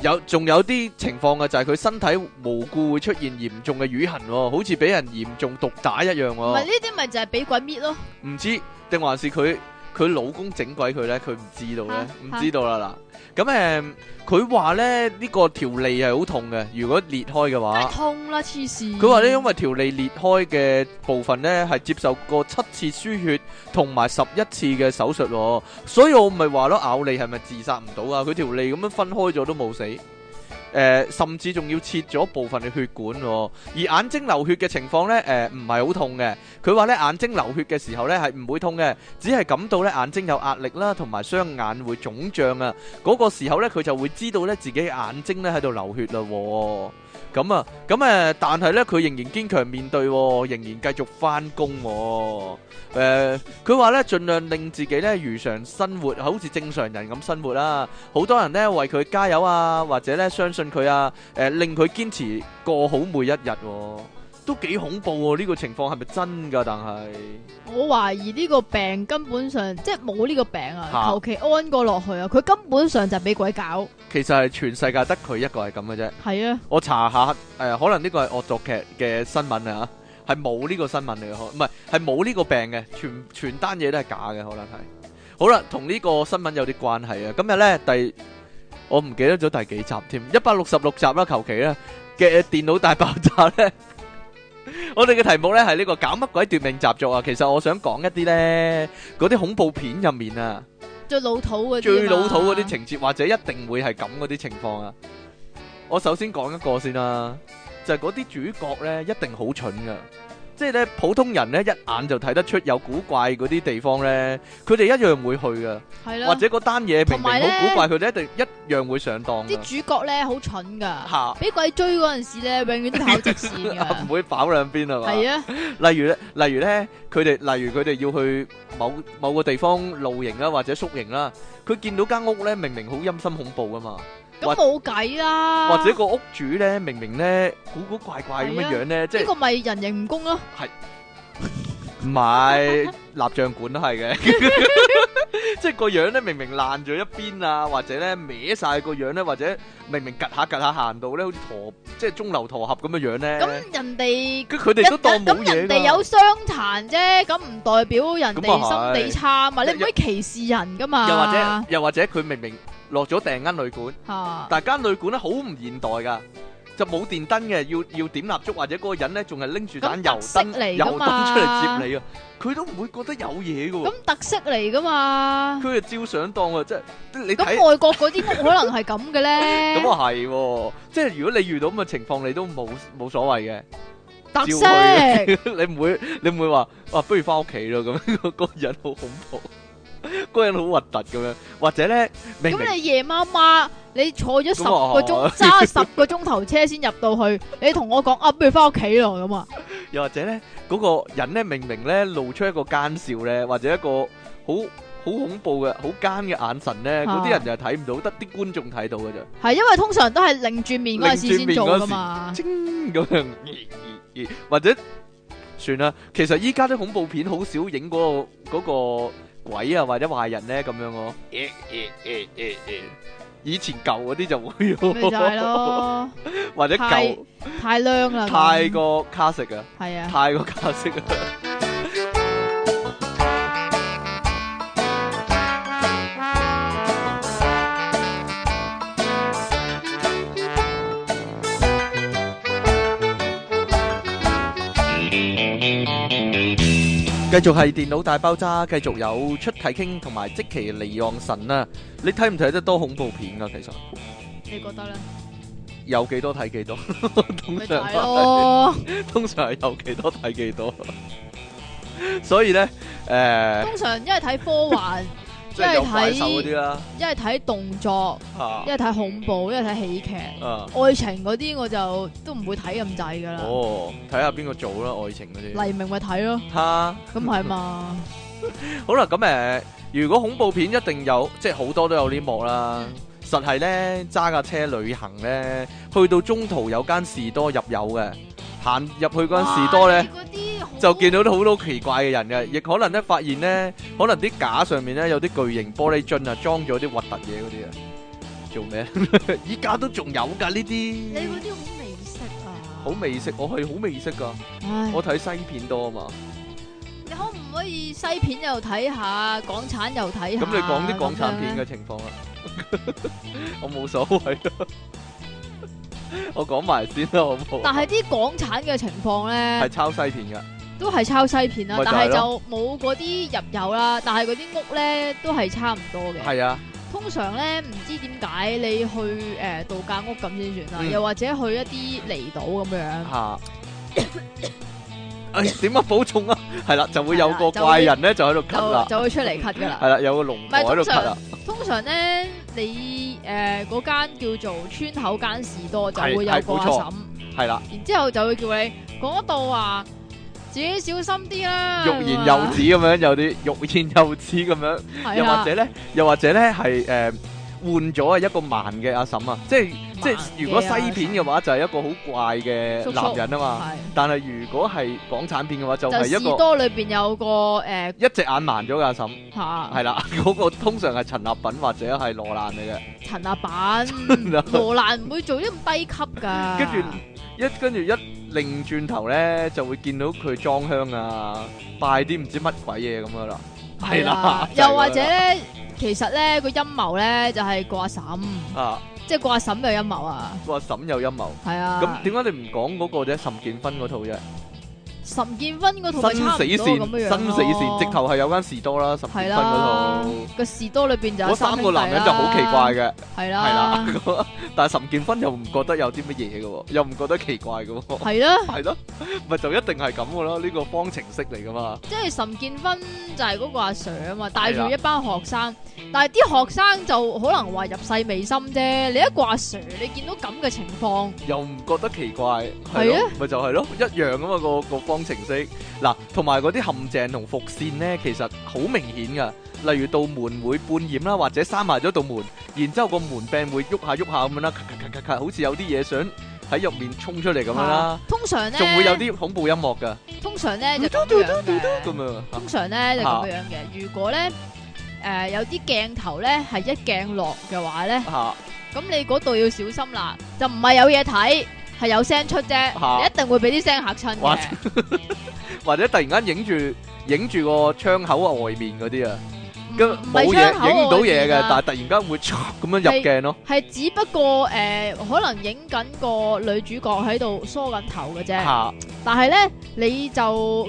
有仲有啲情況嘅就係佢身體無故會出現嚴重嘅瘀痕，好似俾人嚴重毒打一樣。唔係呢啲，咪就係俾鬼搣咯？唔知定還是佢？佢老公整鬼佢呢，佢唔知道咧，唔、啊、知道、啊、啦嗱。咁、嗯、誒，佢話咧呢、呢個條脷係好痛嘅，如果裂開嘅話，痛啦黐線。佢話呢，因為條脷裂開嘅部分呢，係接受過七次輸血同埋十一次嘅手術，所以我咪係話咯咬脷係咪自殺唔到啊？佢條脷咁樣分開咗都冇死。誒、呃，甚至仲要切咗部分嘅血管、喎，而眼睛流血嘅情況呢，誒唔係好痛嘅。佢話呢，眼睛流血嘅時候呢係唔會痛嘅，只係感到呢眼睛有壓力啦，同埋雙眼會腫脹啊。嗰、嗰個時候呢，佢就會知道呢自己嘅眼睛呢喺度流血喇、喎。咁啊，咁誒，但係咧，佢仍然堅強面對，仍然繼續返工、啊。誒、呃，佢話咧，盡量令自己咧如常生活，好似正常人咁生活啦。好多人咧為佢加油啊，或者咧相信佢啊，誒、呃，令佢堅持過好每一日、啊。都幾恐怖喎！呢個情況係咪真噶？但係我懷疑呢個病根本上即係冇呢個病啊！求其安過落去啊！佢根本上就俾鬼搞。其實係全世界得佢一個係咁嘅啫。係啊，我查下誒，可能呢個係惡作劇嘅新聞啊，係冇呢個新聞嚟嘅，唔係係冇呢個病嘅，全全單嘢都係假嘅，可能係。好啦，同呢個新聞有啲關係啊！今日咧第我唔記得咗第幾集添，一百六十六集啦，求其咧嘅電腦大爆炸咧。我哋嘅題目呢係呢個搞乜鬼奪命習作啊！其實我想講一啲呢，嗰啲恐怖片入面啊，最老土嗰啲情節，或者一定會係咁嗰啲情況啊！我首先講一個先啦、啊，就係嗰啲主角呢，一定好蠢噶。即係咧，普通人咧一眼就睇得出有古怪嗰啲地方咧，佢哋一樣會去噶，的或者嗰單嘢明明好古怪，佢哋一定一樣會上當。啲主角咧好蠢噶，俾下鬼追嗰陣時咧，永遠都跑直線唔、 啊、會跑兩邊啊嘛。係啊的，例如呢例如咧，佢哋例如佢哋要去某某個地方露營啦、啊、或者宿營啦，佢見到間屋咧明明好陰森恐怖噶嘛。咁冇計啦，或者個屋主咧，明明咧古古怪怪咁樣樣咧，啊、即係是呢個咪人形蜈蚣咯，係唔係蠟像館都係嘅， 即係個樣咧明明爛咗一邊啊，或者咧歪晒個樣咧，或者明明夾下夾下行到咧，好似陀即係中流陀俠咁樣樣咧，咁、嗯、人哋佢佢哋都當冇嘢，咁人哋有傷殘啫，咁唔代表人哋心地差嘛，嗯嗯嗯、你唔可以歧視人噶嘛又，又或者又或者佢明明，明。落咗訂間旅館，但係間旅館咧好唔現代噶就冇電燈嘅，要要點蠟燭，或者嗰個人咧仲係拎住盞油燈油燈出嚟接你啊！佢都唔會覺得有嘢噶咁特色嚟噶嘛？佢哋照相當啊！即係你咁外國嗰啲屋可能係咁嘅咧？咁啊係，即係如果你遇到咁嘅情況，你都冇冇所謂嘅特色，你唔會你唔會話哇，不如返屋企咯咁，嗰個人好恐怖。嗰人好核突咁樣，或者咧明，咁你夜媽媽，你坐咗十個鐘，揸十個鐘頭車先入到去，你同我講啊，不如翻屋企咯咁啊？又或者咧，嗰個人咧，明明咧露出一個奸笑咧，或者一個好好恐怖嘅好奸嘅眼神咧，嗰啲人就睇唔到，得啲觀眾睇到嘅就係因為通常都係擰轉面嗰時先做噶嘛咁樣，或者算啦。其實依家啲恐怖片好少影嗰個嗰個。鬼啊，或者壞人咧咁樣咯，哦，以前舊嗰啲就會咯，咪就係咯， 或者舊太靚啦， 太， 太過卡式 a 啊，係啊，太過卡式啊。繼續係電腦大爆炸，繼續有出體 king 同埋積淇離岸神啦。你睇唔睇得多恐怖片啊？其實你覺得咧？有幾多睇幾多？通常係，通常係有幾多睇幾多？所以咧，誒，通常因為睇科幻。一係睇啲啦，一係睇動作，一係睇恐怖，一係睇喜劇，啊哦，愛情嗰啲我就都唔會睇咁滯噶啦。睇下邊個做啦，愛情嗰啲黎明咪睇咯。吓哈？咁係嘛？ 好啦，咁、嗯、誒，如果恐怖片一定有，即係好多都有呢幕啦。實係咧，揸架車旅行咧，去到中途有間士多入油嘅。行入去嗰陣時多咧，就見到好多奇怪嘅人嘅，亦可能咧發現咧，可能啲架上面咧有啲巨型玻璃樽啊，裝咗啲核突嘢嗰啲啊，做咩？依家都仲有噶呢啲。你嗰啲好未識啊！好未識，我係好未識噶，我睇西片多啊嘛。你可唔可以西片又睇下，港產又睇下？咁你講啲港產片嘅情況呀。我冇所謂。 我講埋先啦，好唔好？但係啲港產嘅情況咧，係抄西片嘅，都係抄西片啦。但係就冇嗰啲入油啦。但係嗰啲屋咧都係差唔多嘅。係啊，通常咧唔知點解你去誒、呃、度假屋咁先算啦，嗯、又或者去一啲離島咁樣。啊 點、哎、啊，保重啊，係 啦，就會有個怪人咧就喺度 cut 啦，就會出嚟 cut 啦，係啦， 有個龍婆喺度 cut 啦。通常咧， 你誒嗰間叫做村口間士多就會有個阿嬸，係啦，然之後就會叫你嗰度話自己小心啲啦，欲言又止咁樣， 有啲欲言 了又止咁樣，又或者咧，又或者咧係誒。換咗啊一個盲嘅阿嬸啊，即係即係如果西片嘅話，就係一個好怪嘅男人啊嘛。但係如果係港產片嘅話，就係一個多裏邊有個誒一隻眼盲咗嘅阿嬸嚇，係啦，嗰個通常係陳立品或者係羅蘭嚟嘅。陳立品羅蘭唔會做啲咁低級㗎。跟住一跟住一擰轉頭咧，就會見到佢裝香啊，拜啲唔知乜鬼嘢咁樣啦。係啦，又或者咧。其實咧，個陰謀咧就係掛嬸，啊、即係掛嬸有陰謀啊！掛嬸有陰謀，係啊！咁點解你唔講嗰個啫？岑建勳嗰套啫。岑建勳嗰套差唔多咁嘅樣，新死線直頭係有間士多啦。岑建勳嗰套個士多裏邊就嗰三個男人就好奇怪嘅，係啦，但係岑建勳又唔覺得有啲乜嘢嘅，又唔覺得奇怪嘅，係啦，係咯，咪就一定係咁嘅啦，呢個方程式嚟噶嘛。即係岑建勳就係嗰個阿 Sir 啊嘛，帶住一班學生，但係啲學生就可能話入世未深啫。你一個阿 Sir，你見到咁嘅情況，又唔覺得奇怪，係啊，咪就係咯，一樣啊嘛，個個方工程式嗱，同埋嗰啲陷阱同伏綫咧，其實好明顯噶。例如道門會半掩啦，或者閂埋咗道門，然之後個門柄會喐下喐下咁樣啦，咔咔咔咔咔，好似有啲嘢想喺入面衝出嚟咁樣啦。通常咧，仲會有啲恐怖音樂噶。通常咧就咁樣嘅。通常咧就咁樣嘅。如果咧誒有啲鏡頭咧係一鏡落嘅話咧，咁你嗰度要小心啦，就唔係有嘢睇。係有聲出啫，啊、一定會俾啲聲嚇親，或者突然間影住影住個窗口啊，外面啲啊，唔係窗口，影唔到嘢嘅，但係突然間會咁樣入鏡咯，喔。係只不過誒、呃、可能影緊個女主角喺度梳緊頭嘅啫，吓、啊，但係咧你就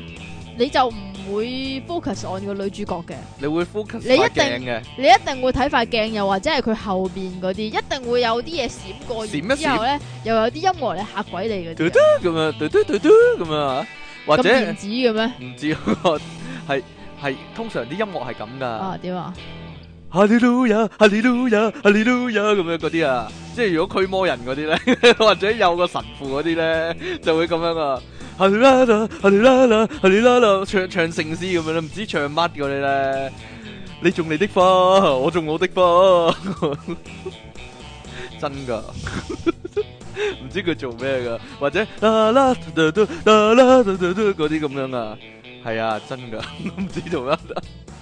你就唔。會 focus on 個女主角嘅，你會 focus? 你一定嘅，你一定會睇塊鏡，又或者係佢後邊嗰啲，一定會有啲嘢閃過，閃一閃之後咧，又有啲音樂咧嚇鬼你嘅，嘟嘟咁樣，嘟嘟嘟嘟咁樣，或者唔知嘅咩？唔知，係係通常啲音樂係咁噶。哦，點啊？哈利路亞，哈利路亞，哈利路亞咁樣嗰啲啊，即係如果驅魔人嗰啲咧， 或者有個神父嗰啲咧，就會咁樣啊。哈利啦啦，哈利啦啦，哈利啦啦，唱唱聖詩咁樣唔知唱乜嘅咧。 你種你的花，我種我的花， 真噶的，唔 知佢做咩噶，或者啦，啦，嗰啲咁樣啊，係啊，真噶，唔 知做乜。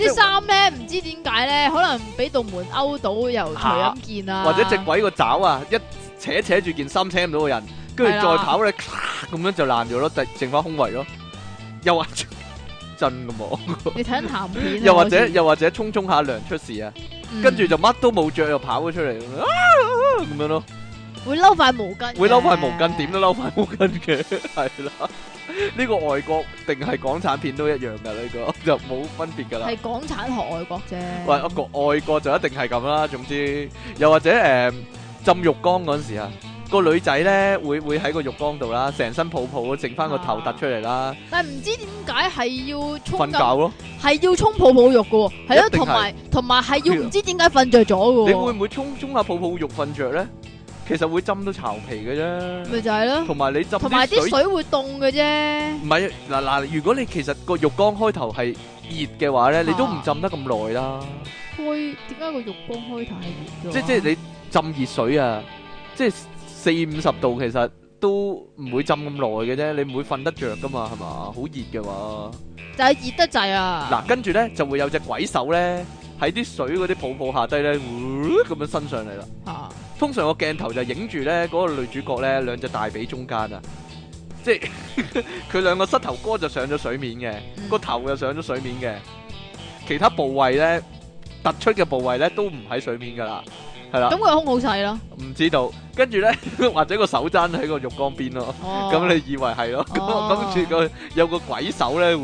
啲衫咧，唔知點解咧，可能俾道門勾到又除敢見啊，或者隻鬼個爪啊，一扯扯，扯住件衫，扯唔到個人，跟住再跑咧，咁樣的就爛咗咯，就剩翻胸圍咯。又或真噶嘛？你睇下鹹片，又或者 忙 又或者沖沖 下涼出事啊，跟住、嗯、就乜都冇着又跑咗出嚟，咁 樣咯。會嬲塊毛巾，會嬲塊毛巾，點都嬲塊毛巾嘅，係啦。呢個外國定係港產片都一樣噶，呢個就冇分別噶啦。係港產學外國啫。喂，外國外國就一定係咁啦。總之，又或者誒，浸浴缸嗰陣時啊，個女仔咧會會喺個浴缸度啦，成身泡泡，剩翻個頭突出嚟啦。但係唔知點解係要沖瞓覺咯，係要沖泡泡浴噶，係咯，同埋同埋係要唔知點解瞓着咗噶。你會唔會沖沖下泡泡浴瞓着咧？其實會浸到巢皮嘅啫，咪就係咯。同埋你浸，同埋啲水會凍嘅啫。唔係，嗱嗱，如果你其實個浴缸開頭係熱嘅話咧，你都唔浸得咁耐啦。會？點解個浴缸開頭係熱？即即係你浸熱水啊！即四五十度其實都唔會浸咁耐嘅啫，你唔會瞓得着噶嘛？係嘛？好熱嘅話？就係熱得滯啊！嗱，跟住咧就會有隻鬼手咧。喺啲水嗰啲泡泡下低咧，咁樣伸上嚟啦。通常個鏡頭就影住咧，嗰個女主角咧，兩隻大髀中間啊，即係佢兩個膝頭哥就上咗水面嘅，個頭又上咗水面嘅，其他部位咧突出嘅部位咧都唔喺水面噶啦，係啦。咁佢胸好細咯？唔知道，跟住咧或者個手踭喺個浴缸邊咯，咁你以為係咯？跟住個有個鬼手咧。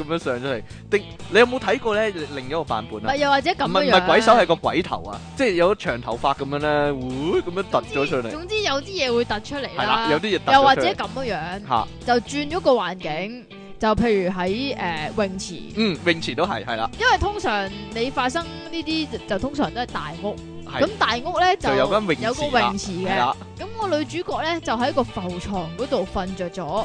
咁樣上出嚟，定你有冇睇過咧？另一個版本啊，又或者咁樣，唔係鬼手係個鬼頭啊，即係有長頭髮咁樣咧，會咁樣突咗出嚟。總之有啲嘢會突出嚟啦，有啲嘢又或者咁樣樣的，就轉咗個環境，就譬如喺誒、呃、泳池，嗯，泳池都係係啦。因為通常你發生呢啲就通常都係大屋，咁的大屋咧就，就有間泳池嘅。咁個的的女主角咧就喺個浮床嗰度瞓着咗。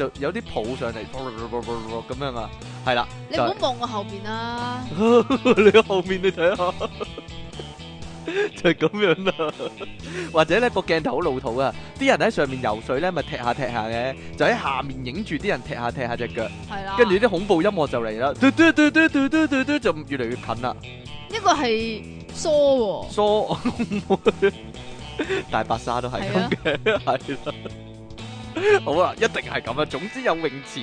就有啲抱上嚟咁樣啊，係啦。你唔好望我後邊啊！你後邊你睇下，就係咁樣啦。或者咧個鏡頭好老土啊，啲人喺上面游水咧，咪踢下踢下嘅，就喺下面影住啲人踢下踢下隻腳，係啦。跟住啲恐怖音樂就嚟啦，嘟嘟嘟嘟嘟嘟嘟就越嚟越近啦。呢個係梳梳，大白鯊都係咁嘅，係啦。好啦，一定係咁啦。總之有泳池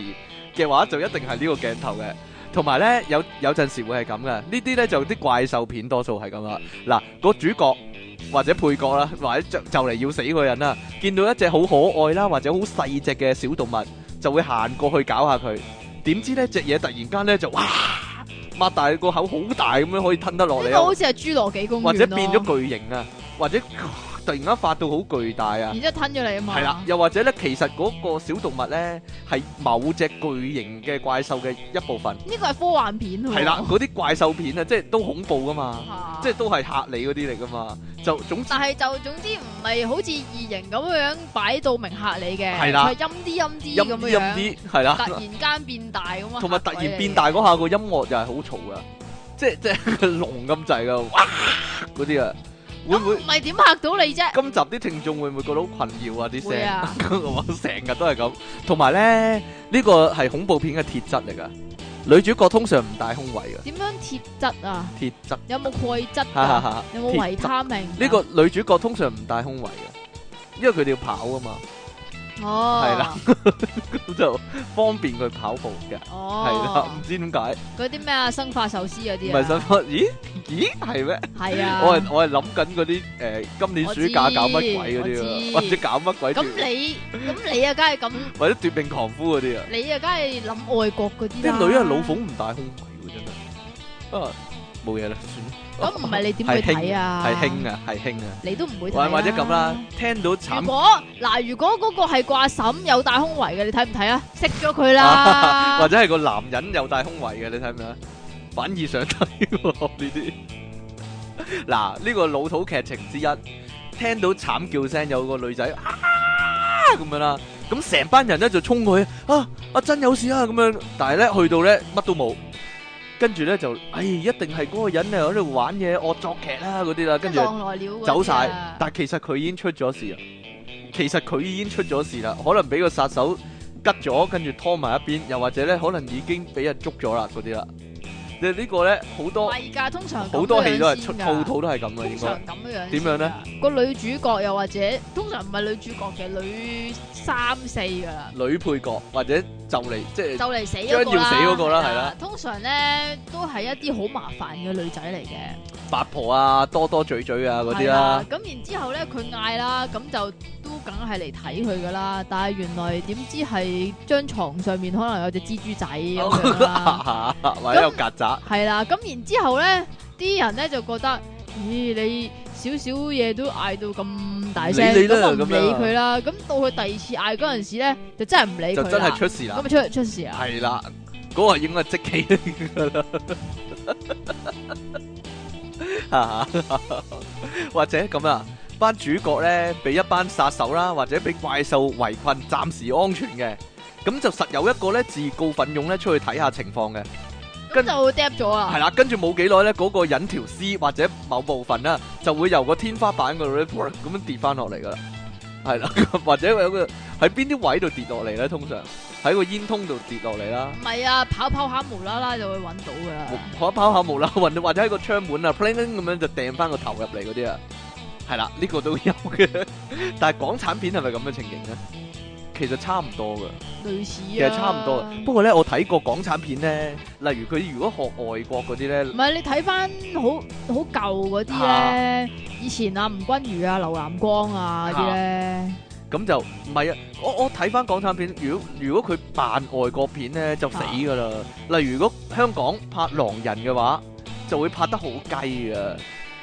嘅話，就一定係呢個鏡頭嘅。同埋咧，有有陣時會係咁嘅。呢啲咧就啲怪獸片，多數係咁啦。嗱，個主角或者配角啦，或者就就嚟要死嗰個人啦，見到一隻好可愛啦，或者好細隻嘅小動物，就會行過去搞下佢。點知咧隻嘢突然間咧就哇，擘大個口好大咁樣可以吞得落嚟。呢個好似係侏羅紀公園咯。或者變咗巨型啊，或者。突然間發到好巨大啊！然之後吞咗你啊嘛！係啦，又或者咧，其實嗰個小動物咧係某隻巨型嘅怪獸嘅一部分。呢個係科幻片啊！係啦，嗰啲怪獸片啊，即係都恐怖噶嘛，即係都係嚇你嗰啲嚟噶嘛，就總但係就總之唔係好似異形咁樣擺到明嚇你嘅，係陰啲陰啲咁樣。陰啲陰啲係啦！突然間變大咁啊！同埋突然變大嗰下個音樂又係好嘈噶，即係即係龍咁滯噶，哇嗰啲啊！會唔會唔係點吓到你啫？今集啲聽眾會唔會覺得好困擾啊？啲聲啊，我成日都係咁。同埋咧，呢個係恐怖片嘅鐵質嚟噶，女主角通常唔戴胸圍噶。點樣鐵質啊？鐵質有冇鈣質啊？有冇維他命？呢個女主角通常唔戴胸圍嘅，因為佢哋要跑啊嘛。哦，係啦，咁就方便佢跑步嘅。哦，係啦，唔知點解嗰啲咩啊，生化壽司嗰啲啊，唔係生化？咦咦，係咩？係啊，我係我係諗緊嗰啲誒，今年暑假搞乜鬼嗰啲啊，或者搞乜鬼？咁你咁你啊，梗係咁，或者奪命狂呼嗰啲啊？你啊，梗係諗外國嗰啲啦。啲女啊老奉唔帶胸圍嘅真係啊！冇嘢啦，咁唔係你點去睇啊？係興啊，係興啊！你都唔會，或者咁啦，聽到慘。如果嗱，如果嗰個係掛嬸有戴胸圍嘅，你睇唔睇啊？識咗佢啦，或者係個男人有戴胸圍嘅，你睇唔睇啊？反而想睇呢啲。嗱，呢個老土劇情之一，聽到慘叫聲，有個女仔啊咁樣啦，咁成班人咧就衝佢啊，阿真有事啊咁樣，但係咧去到咧乜都冇。跟住咧就，哎，一定係嗰個人啊喺度玩嘢惡作劇啦嗰啲啦，啦跟住走晒。但其實佢已經出咗事啦，其實佢已經出咗事啦，可能俾個殺手吉咗，跟住拖埋一邊，又或者咧可能已經俾人捉咗啦嗰啲啦。你呢個咧好多，通常好多戲都係出套套都係咁啦，應該點樣咧？個呢呢女主角又或者通常唔係女主角，嘅女三四噶啦，女配角或者就嚟即係將要死嗰個啦，係啦。通常咧都係一啲好麻煩嘅女仔嚟嘅，八婆啊，多多嘴嘴啊嗰啲啦。咁然之後咧，佢嗌啦，咁就。梗係嚟睇佢噶啦，但係原來點知係張床上面可能有隻蜘蛛仔咁樣啊，或者有曱甴。係啦，咁然之後咧，啲人咧就覺得，咦，你少少嘢都嗌到咁大聲，你都冇咁理佢啦。咁到佢第二次嗌嗰陣時咧，就真係唔理佢，真係出事啦。咁咪出出事啊？係啦，嗰個應該即刻噶啦，或者咁啊。班主角咧俾一班殺手啦，或者俾怪獸圍困，暫時安全嘅，咁就實有一個咧自告奮勇咧出去睇下情況嘅，咁就跌咗啊！係啦，跟住冇幾耐咧，嗰個引條屍或者某部分啦，就會由個天花板嗰度咁樣跌翻落嚟噶啦，係啦，或者有個喺邊啲位度跌落嚟咧，通常喺個煙通度跌落嚟啦。唔係啊，跑跑下無啦啦就會搵到噶啦，跑跑下無啦混，或者喺個窗門啊 pling 咁樣就掟翻個頭入嚟嗰啲啊。係啦，呢、呢個都有嘅，但係港產片係咪咁嘅情形咧？其實差唔多㗎，類似啊，其實差唔多、啊、不過咧，我睇過港產片咧，例如佢如果學外國嗰啲咧，唔係你睇翻好好舊嗰啲咧，啊、以前啊吳君如啊劉南光啊嗰啲咧，咁就唔係啊。我我睇翻港產片，如果如果佢扮外國片咧，就死㗎啦。啊、例如如果香港拍狼人嘅話，就會拍得好雞啊。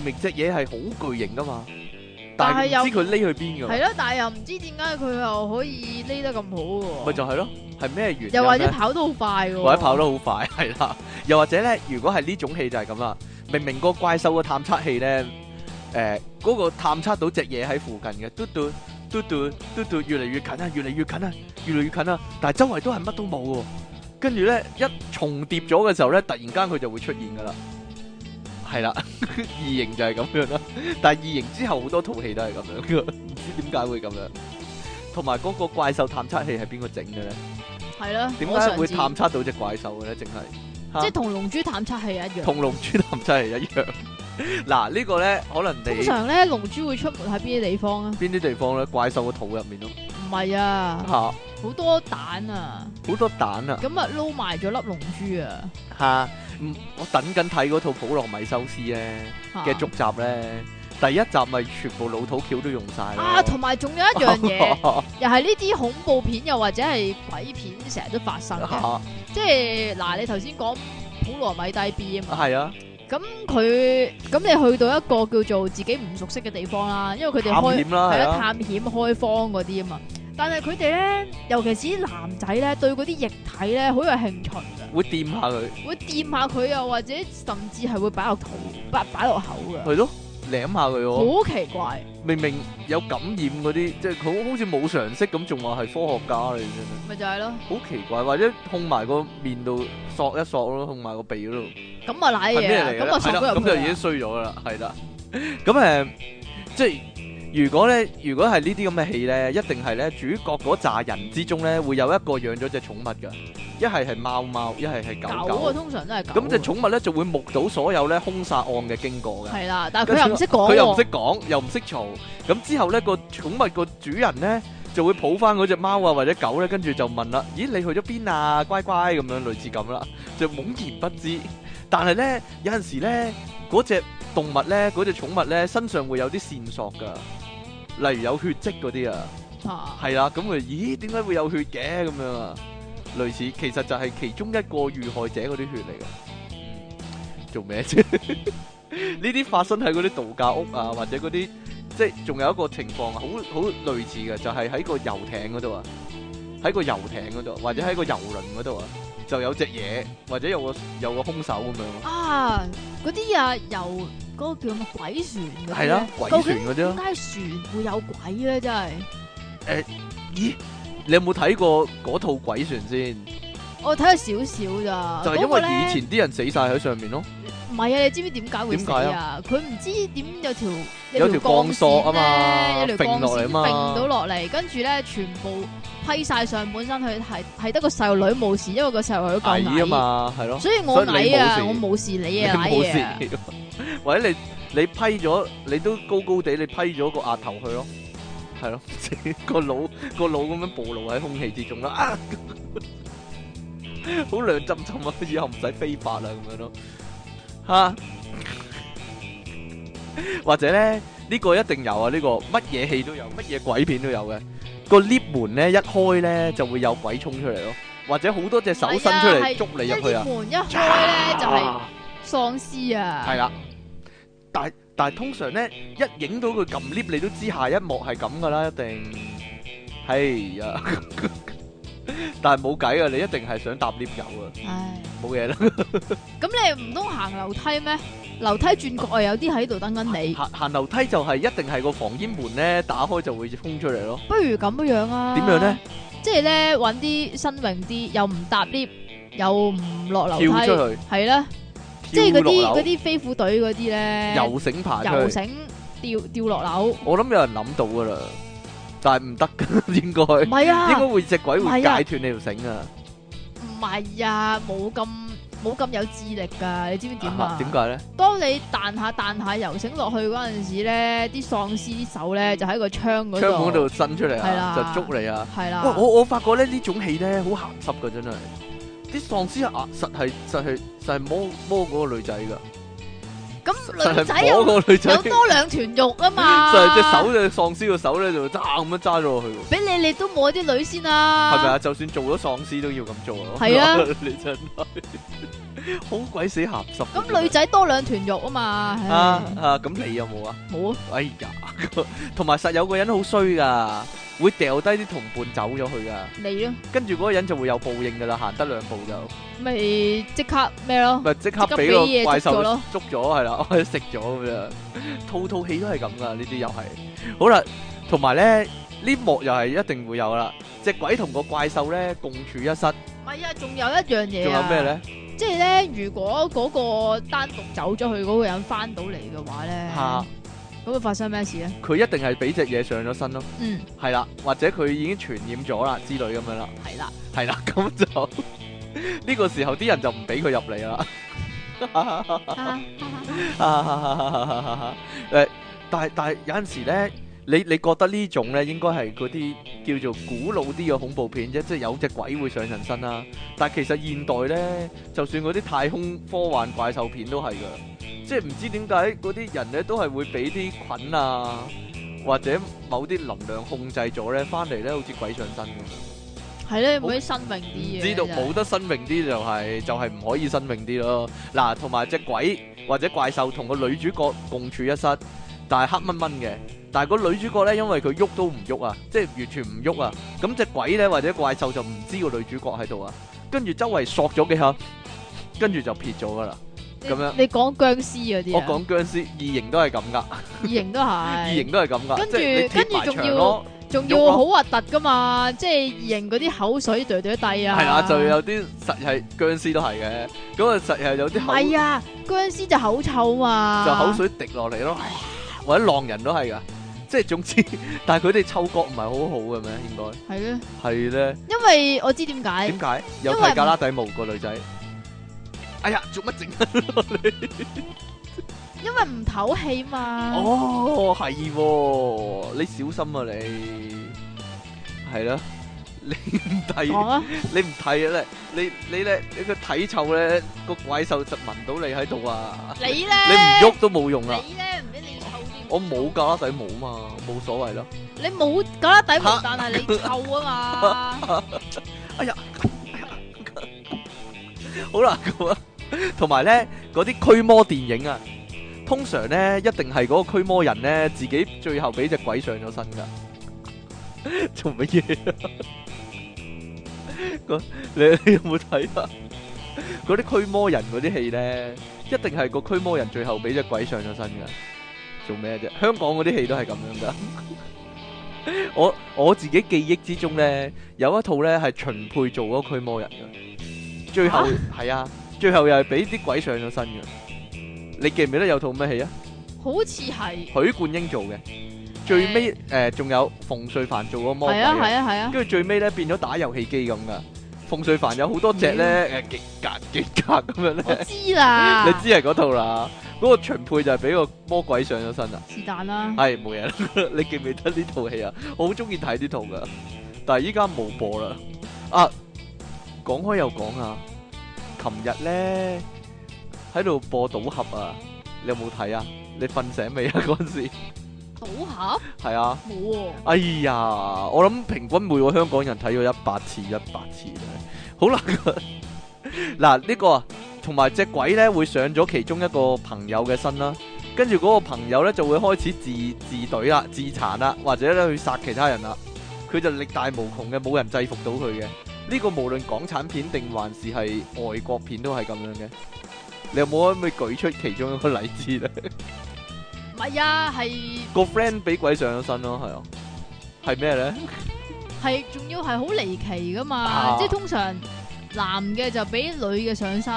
明明隻嘢係好巨型噶嘛，但係又唔知佢匿去邊嘅。係咯，但係又唔知點解佢又可以匿得咁好嘅。咪就係咯，係咩原？又或者跑得好快嘅？或者跑得好快，係啦。又或者咧，如果係呢種戲就係咁啦。明明個怪獸嘅探測器咧，誒，嗰個探測到隻嘢喺附近嘅，嘟嘟嘟嘟嘟嘟，越嚟越近啊，越嚟越近啊，越嚟越近啊，但係周圍都係乜都冇嘅。跟住咧，一重疊咗嘅時候咧，突然間佢就會出現噶啦。係啦，異形就係咁樣啦，但係異形之後好多套戲都係咁樣、樣，唔知點解會咁樣。同埋嗰個怪獸探測器係邊個整嘅咧？係咯，點解會探測到隻怪獸隻怪獸嘅咧？淨係即係同龍珠探測器一樣，同龍珠探測係一樣。嗱， 這個、呢個咧可能正常咧，龍珠會出沒喺邊啲地方、地方啊？邊啲地方咧？怪獸嘅肚入面咯。唔係啊。好多蛋啊！好多蛋啊！咁啊撈埋咗粒龍珠啊！吓，嗯，我等緊睇嗰套《普羅米修斯》咧嘅續集咧，啊、第一集咪全部老土橋都用晒啊，同埋仲有一樣嘢， 又係呢啲恐怖片，又或者係鬼片，成日都發生、啊、即係嗱、啊，你頭先講普羅米低 B 啊嘛，係啊，咁佢咁你去到一個叫做自己唔熟悉嘅地方啦，因為佢哋開係啊探險開荒嗰啲啊嘛。但係佢哋咧，尤其是啲男仔咧，對嗰啲液體咧好有興趣噶，會掂下佢，會掂下佢，又或者甚至係會擺落肚，擺擺落口噶，係咯，舐下佢，好奇怪，明明有感染嗰啲，即係佢好似冇常識咁，仲話係科學家嚟，啫咪就係咯？好奇怪，或者控埋個面度索一索咯，控埋個鼻嗰度，咁啊瀨嘢，咁啊嗦咗又衰咗，咁就已經衰咗啦，係啦，咁誒即係。如果咧，如果係呢啲咁嘅戲咧，一定係咧主角嗰扎人之中咧，會有一個養咗隻寵物噶，一係係貓貓，一係係狗狗。通常都係咁。隻寵物咧就會目睹所有咧兇殺案嘅經過嘅。係啦，但係佢著又唔識講。佢又唔識講，又唔識嘈。咁之後咧，個寵物個主人咧就會抱翻嗰隻貓啊或者狗咧，跟住就問啦：咦，你去咗邊啊？乖乖咁樣類似咁啦，就懵然不知。但係咧，有陣時咧，嗰隻動物咧，嗰隻寵物咧，身上會有啲線索噶。例如有血跡嗰啲啊，係啦、啊，咁佢、啊、咦，點解會有血嘅咁樣啊？類似其實就係其中一個遇害者嗰啲血嚟嘅。做咩啫？呢 啲發生喺嗰啲度假屋啊，或者嗰啲即係仲有一個情況，好好類似嘅，就係、是、喺個遊艇嗰度、啊，喺個遊艇嗰度、啊，或者喺個遊輪嗰度、啊，就有隻嘢，或者有個有個兇手咁樣。啊！嗰啲啊遊。有嗰個叫乜鬼船？係啦、啊，鬼船㗎啫。點解船會有鬼咧？真係。誒，咦？你有冇睇過嗰套鬼船先？我睇咗少少咋。就係因為以前啲人死晒喺上面咯。唔係啊，你知唔知點解會死啊？佢唔知點有條有條鋼索啊嘛，有條落嚟掟唔到落嚟，跟住咧全部批晒上，上半身，佢係係得個細路女冇事，因為個細路女夠矮啊嘛，係咯。所以我矮啊，我冇事你啊，冇、啊、事、啊。 或者你你批咗，你都高高地，你批咗個額頭去咯，係 咯，個腦個腦咁樣暴露喺空氣之中啦，啊， 好涼浸浸啊，以後唔使飛髮啦咁樣咯。吓，或者咧呢個一定有啊，呢個乜嘢戲都有，乜嘢鬼片都有嘅。個 lift 門咧一開咧就會有鬼衝出嚟咯，或者好多隻手伸出嚟捉你入去啊。lift 門一開咧就係喪屍啊。係啦，但係但係通常咧一影到佢撳 lift 你都知下一幕係咁噶啦，一定。係呀。 但係冇計啊！你一定係想搭 lift 走啊！唉，冇嘢啦。咁你唔通行樓梯咩？樓梯轉角啊，有啲喺度等緊你。行行樓梯就係一定係個防煙門咧，打開就會衝出嚟咯。不如咁樣啊？樣呢呢點樣咧？即係咧，搵啲新穎啲，又唔搭 lift，又唔落樓梯，跳出去係啦。了跳 即係嗰啲嗰啲飛虎隊嗰啲咧，游繩爬，游繩掉吊落樓。樓我諗有人諗到噶啦。但係唔得噶，應該、唔係啊、應該會隻鬼會解斷你條繩嘅啊！唔係啊，冇咁冇咁有智力噶，你知唔知點啊？點解咧？當你彈下彈下游繩落去嗰陣時咧，啲喪屍啲手咧、嗯、就喺個窗嗰度，伸出嚟啊，啦就捉你啊！係啦，我我發覺咧呢種戲咧好鹹濕噶，真係啲喪屍啊實係實係實係摸摸嗰個女仔噶。咁女仔有個女仔 有多兩團肉啊嘛，就係 隻手隻喪屍嘅手咧就揸咁樣揸咗落去。俾你你都摸啲女先啊，係咪啊？就算做咗喪屍都要咁做咯。係啊，女仔、啊、 好鬼死鹹濕，啊。咁女仔多兩團肉啊嘛，啊 啊！咁、啊、你有冇啊？冇啊有！哎呀，同 埋實有個人好衰噶。會掉低啲同伴走咗去噶，你咯，跟住嗰個人就會有報應噶啦，行得兩步就咪即刻咩咯，咪即刻俾個怪獸捉咗，係啦，食咗咁樣，套套戲都係咁噶，呢啲又係，好啦，同埋咧呢幕又係一定會有啦，隻鬼同個怪獸咧共處一室，唔係啊，仲有一樣嘢，仲有咩咧？即係咧，如果嗰個單獨走咗去嗰個人翻到嚟嘅話咧。咁會發生咩事咧？佢一定係俾隻嘢上咗身咯，嗯，係啦，或者佢已經傳染咗啦之類咁樣啦。係啦了，係啦，咁就呢 個時候啲人就唔俾佢入嚟啦。誒，但係但係有陣時咧。你你覺得呢種咧，應該係嗰啲叫做古老啲嘅恐怖片啫，即係有隻鬼會上人身啦。但係其實現代咧，就算嗰啲太空科幻怪獸片都係噶，即係唔知點解嗰啲人咧都係會俾啲菌啊或者某啲能量控制咗咧，翻嚟咧好似鬼上身咁。係咧，冇得生命啲嘢，知道冇得生命啲就係就係唔可以生命啲咯。嗱，同埋隻鬼或者怪獸同個女主角共處一室，但係黑蚊蚊嘅。但係個女主角咧，因為佢喐都唔喐啊，即係完全唔喐啊。咁隻鬼咧或者怪獸就唔知個女主角喺度啊。跟住周圍索咗幾下，跟住就撇咗噶啦。咁樣你講殭屍嗰啲啊？我講殭屍異形都係咁噶，異形都係，異形都係咁噶。跟住跟住仲要仲要好核突噶嘛？即係異形嗰啲口水掉掉低啊！係啦，就有啲實係殭屍都係嘅。咁啊實係有啲口係啊，殭屍就口臭嘛，就口水滴落嚟咯，或者狼人都係噶。即係總之，但係佢哋嗅覺唔係好好嘅咩？應該係咧，係咧。因為我知點解。點解？有睇格拉底毛個女仔。哎呀，做乜整緊我？你因為唔透氣嘛。哦，係，你小心啊你。係啦，你唔睇，你唔睇咧，你你咧，你個體臭咧，個怪獸就聞到你喺度啊！你咧，你唔喐都冇用啊！你咧，唔俾你。我冇假底帽嘛，冇所謂咯。你冇假底帽，但係你夠啊嘛。哎呀，好難噶。同埋咧，嗰啲驅魔電影啊，通常咧一定係嗰個驅魔人咧自己最後俾隻鬼上咗身噶。做乜嘢？你你有冇睇啊？嗰啲驅魔人嗰啲戲咧，一定係個驅魔人最後俾隻鬼上咗身噶。做咩啫？香港嗰啲戲都係咁樣噶。 我我自己記憶之中咧，有一套咧係秦沛做嗰驅魔人嘅，最後係啊，啊，最後又係俾啲鬼上咗身嘅。你記唔記得有套咩戲啊？好似係許冠英做嘅。欸、最尾誒，仲、呃、有馮瑞凡做嗰魔鬼係啊，係啊，係啊。跟住、啊、最尾咧變咗打遊戲機咁噶。馮瑞凡有好多隻咧，誒，極格極格咁樣咧。知啦，你知係嗰套啦。嗰個秦沛就係俾個魔鬼上咗身啊！是但啦，係冇嘢。 你記唔記得呢套戲啊？我好中意睇呢套噶，但係依家冇播啦。啊，講開又講啊，琴日咧喺度播賭俠啊，你有冇睇啊？你瞓醒未啊嗰陣時？賭俠盒係 啊，冇喎、啊。哎呀，我諗平均每個香港人睇咗一百次，一百次難 啦。好、這、啦、個啊，嗱呢個。同埋隻鬼咧會上咗其中一個朋友嘅身啦，跟住嗰個朋友咧就會開始自自隊啦，自殘啦，或者咧去殺其他人啦。佢就力大無窮嘅，冇人制服到佢嘅。呢，這個無論港產片定還是係外國片都係咁樣嘅。你有冇可唔可以舉出其中一個例子咧？唔 係啊，係個 friend 俾鬼上咗身咯，係，哦嗯，啊，係咩咧？係仲要係好離奇噶嘛，即係通常。男嘅就俾女嘅上身，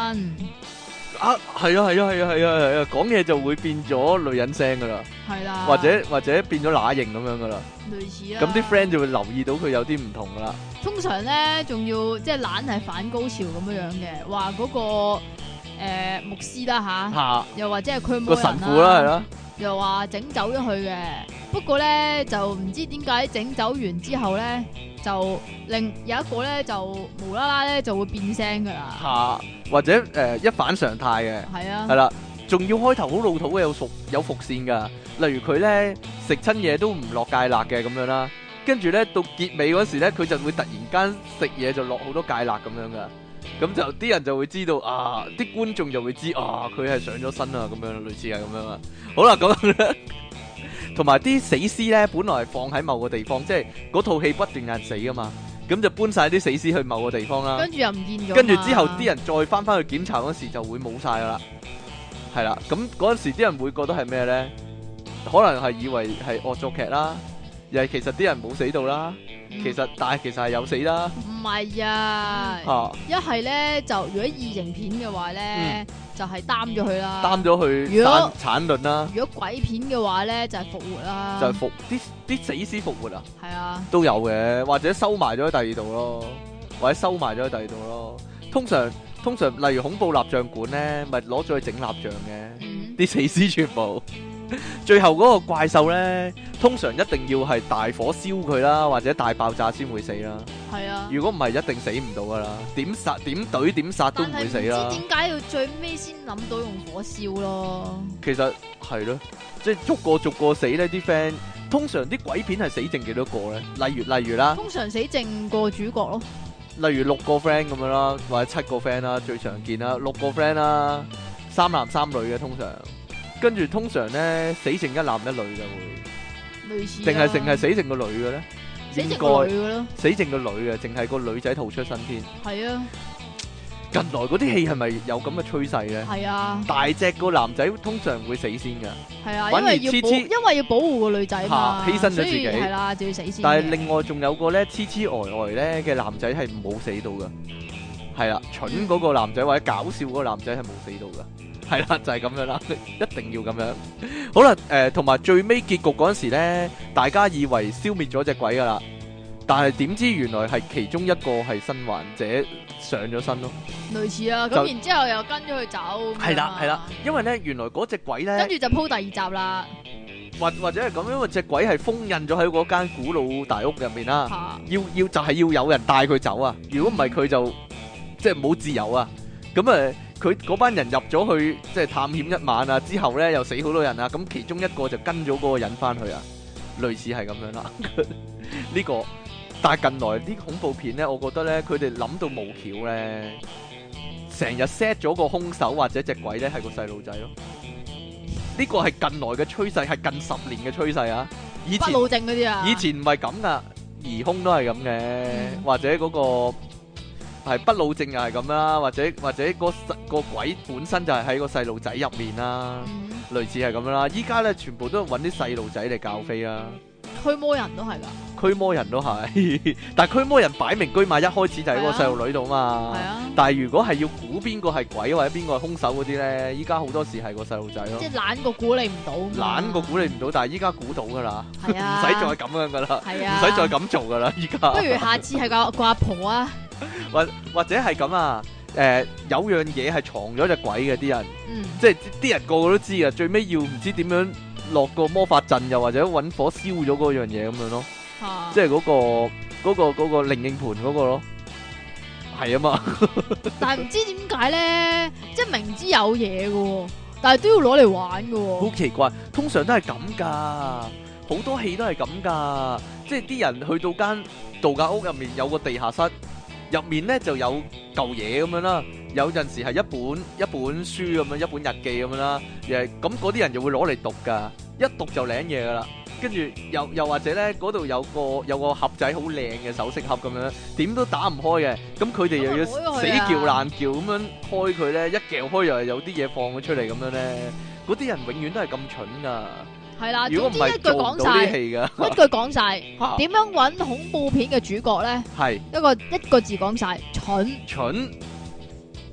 啊係啊係啊係啊係啊係啊，講嘢、啊啊啊啊啊、就會變咗女人聲噶啦，係啦是、啊，或者或者變咗乸型咁樣噶啦，類似啦，咁啲 friend 就會留意到佢有啲唔同噶啦。通常咧仲要即係懶係反高潮咁樣樣嘅，話嗰、那個誒、呃、牧師啦吓，啊啊、又或者係佢個神父啦係咯，啊啊、又話整走咗佢嘅，不過咧就唔知點解整走完之後咧。就另有一個咧，就無啦啦咧就會變聲嘅啦，嚇、啊、或者誒、呃、一反常態嘅，係啊，係啦，仲要開頭好老土嘅，有伏有伏線噶，例如佢咧食親嘢都唔落芥辣嘅咁樣啦，跟住咧到結尾嗰時咧，佢就會突然間食嘢就落好多芥辣咁樣噶，咁就啲、嗯、人就會知道啊，啲觀眾就會知啊，佢係上咗身啊咁樣，類似係咁樣啊，好啦，咁樣。 同埋啲死屍咧，本來放喺某個地方，即係嗰套戲不斷有人死啊嘛，咁就搬晒啲死屍去某個地方啦。跟住又唔見咗。跟住之後啲人再翻翻去檢查嗰時就會冇晒㗎啦。係啦，咁嗰陣時啲人會覺得係咩咧？可能係以為係惡作劇啦，又係其實啲人冇死到啦。嗯、其實但係其實係有死啦。唔係啊，一係咧就如果異形片嘅話咧。嗯就係擔咗佢啦，擔咗佢如果產卵啦。如果鬼片嘅話咧，就係復活啦。就係復啲啲死屍復活啊。係啊，都有嘅，或者收埋咗喺第二度咯，或者收埋咗喺第二度咯。通常通常，例如恐怖蠟像館咧，咪攞咗去整蠟像嘅，啲死屍全部。最後嗰個怪獸咧，通常一定要係大火燒佢啦，或者大爆炸先會死啦。係啊，如果唔係，一定死唔到噶啦。點殺點懟點殺都唔會死啦。點解要最尾先諗到用火燒咯？其實係咯，即係逐個逐個死咧。啲 friend 通常啲鬼片係死剩幾多個咧？例如例如啦，通常死剩個主角咯。例如六個 friend 咁樣啦，或者七個 friend 啦，最常見啦，六個 friend 啦，三男三女嘅通常。跟住通常咧，死剩一男一女嘅會，類似，定係淨係死剩個女嘅咧？死剩個女嘅咯，死剩個女嘅，淨係個女仔逃出生天。係啊，近來嗰啲戲係咪有咁嘅趨勢咧？係啊，大隻個男仔通常會死先㗎，因為要保，因為要保護個女仔嘛，犧牲咗自己係啦，就要死先。但係另外仲有個咧，痴痴呆呆咧嘅男仔係冇死到㗎，係啦，蠢嗰個男仔或者搞笑嗰個男仔係冇死到㗎。係啦，就係咁樣啦，一定要咁樣。好啦，誒，同埋最尾結局嗰陣時咧，大家以為消滅咗隻鬼噶啦，但係點知原來係其中一個係新患者上咗身咯。類似啊，咁然之後又跟咗佢走。係啦，係啦，因為咧原來嗰隻鬼咧，跟住就鋪第二集啦。或或者係咁，因為隻鬼係封印咗喺嗰間古老大屋入面啦。要要就係要有人帶佢走啊！如果唔係佢就即係冇自由啊！咁誒。佢嗰班人入咗去即係探險一晚啊，之後咧又死好多人啊，咁、嗯、其中一個就跟咗嗰個人翻去啊，類似係咁樣啦、啊。呢、 這個，但係近來啲恐怖片咧，我覺得咧佢哋諗到無橋咧，成日 set 咗個兇手或者隻鬼咧係個細路仔咯。呢、這個係近來嘅趨勢，係近十年嘅趨勢啊。以前不老正啲啊，以前唔係咁噶，疑兇都係咁嘅， 或者嗰、那個。係不老症又係咁啦，或者或者個個鬼本身就係喺個細路仔入面啦，類似係咁樣啦。依家咧全部都揾啲細路仔嚟教飛啦，驅魔人都係噶，驅魔人都係，但係驅魔人擺明居馬一開始就喺個細路女度嘛。係啊。但係如果係要估邊個係鬼或者邊個係兇手嗰啲咧，依家好多時係個細路仔咯。即係懶個估你唔到。懶個估你唔到，但係依家估到噶啦，唔使再咁樣噶啦，唔使再咁做噶啦，依家。不如下次係個個阿婆啊？或 或者係咁啊，誒、呃、有樣嘢係藏咗隻鬼嘅啲人，嗯、即係啲人，人個個都知啊，最尾要唔知點樣落個魔法陣，又或者搵火燒咗嗰樣嘢咁樣咯，啊、即係嗰個嗰個嗰個靈應盤嗰個咯，係啊嘛， 但係唔知點解咧，即係明知有嘢嘅，但係都要攞嚟玩嘅，好奇怪，通常都係咁噶，好多戲都係咁噶，即係啲人去到間度假屋入面有個地下室。入面咧就有嚿嘢咁樣啦，有陣時係一本一本書咁樣，一本日記咁樣啦，誒咁嗰啲人就會攞嚟讀噶，一讀就領嘢噶啦，跟住又又或者咧嗰度有個有個盒仔好靚嘅首飾盒咁樣，點都打唔開嘅，咁佢哋又要死撬爛撬咁樣開佢咧，一撬開又係有啲嘢放咗出嚟咁樣咧，嗰啲人永遠都係咁蠢噶。係啦，總之一句講晒，一句講晒，點樣搵恐怖片嘅主角咧？係一個一個字講晒，蠢，蠢。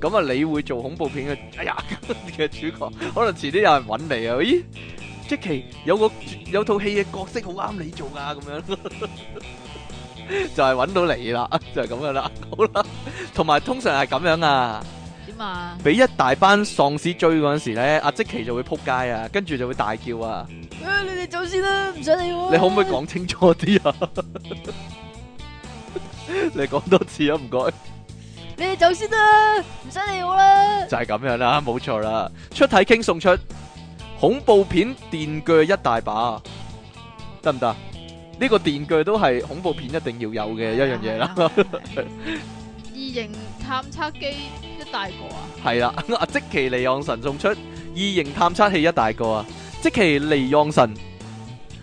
咁啊，你會做恐怖片嘅哎呀嘅主角，可能遲啲有人搵你啊？咦，即其有個有套戲嘅角色好啱你做啊？咁樣就係搵到你啦，就係咁樣啦。好啦，同埋通常係咁樣啊。俾一大班喪屍追嗰陣時咧，阿、啊、積淇就會扑街啊，跟住就會大叫、哎、啊！你哋走先啦，唔使理我。你可唔可以講清楚啲啊？ 你講多次啊，唔該。你哋走先啦，唔使理我啦。就係咁樣啦、啊，冇錯啦。出體 king 送出恐怖片電鋸一大把，得唔得？呢、這個電鋸都係恐怖片一定要有嘅、啊、一樣嘢啦。異形探測機。大個啊，係啦。阿積淇離岸神送出異形探測器一大個啊。積淇離岸神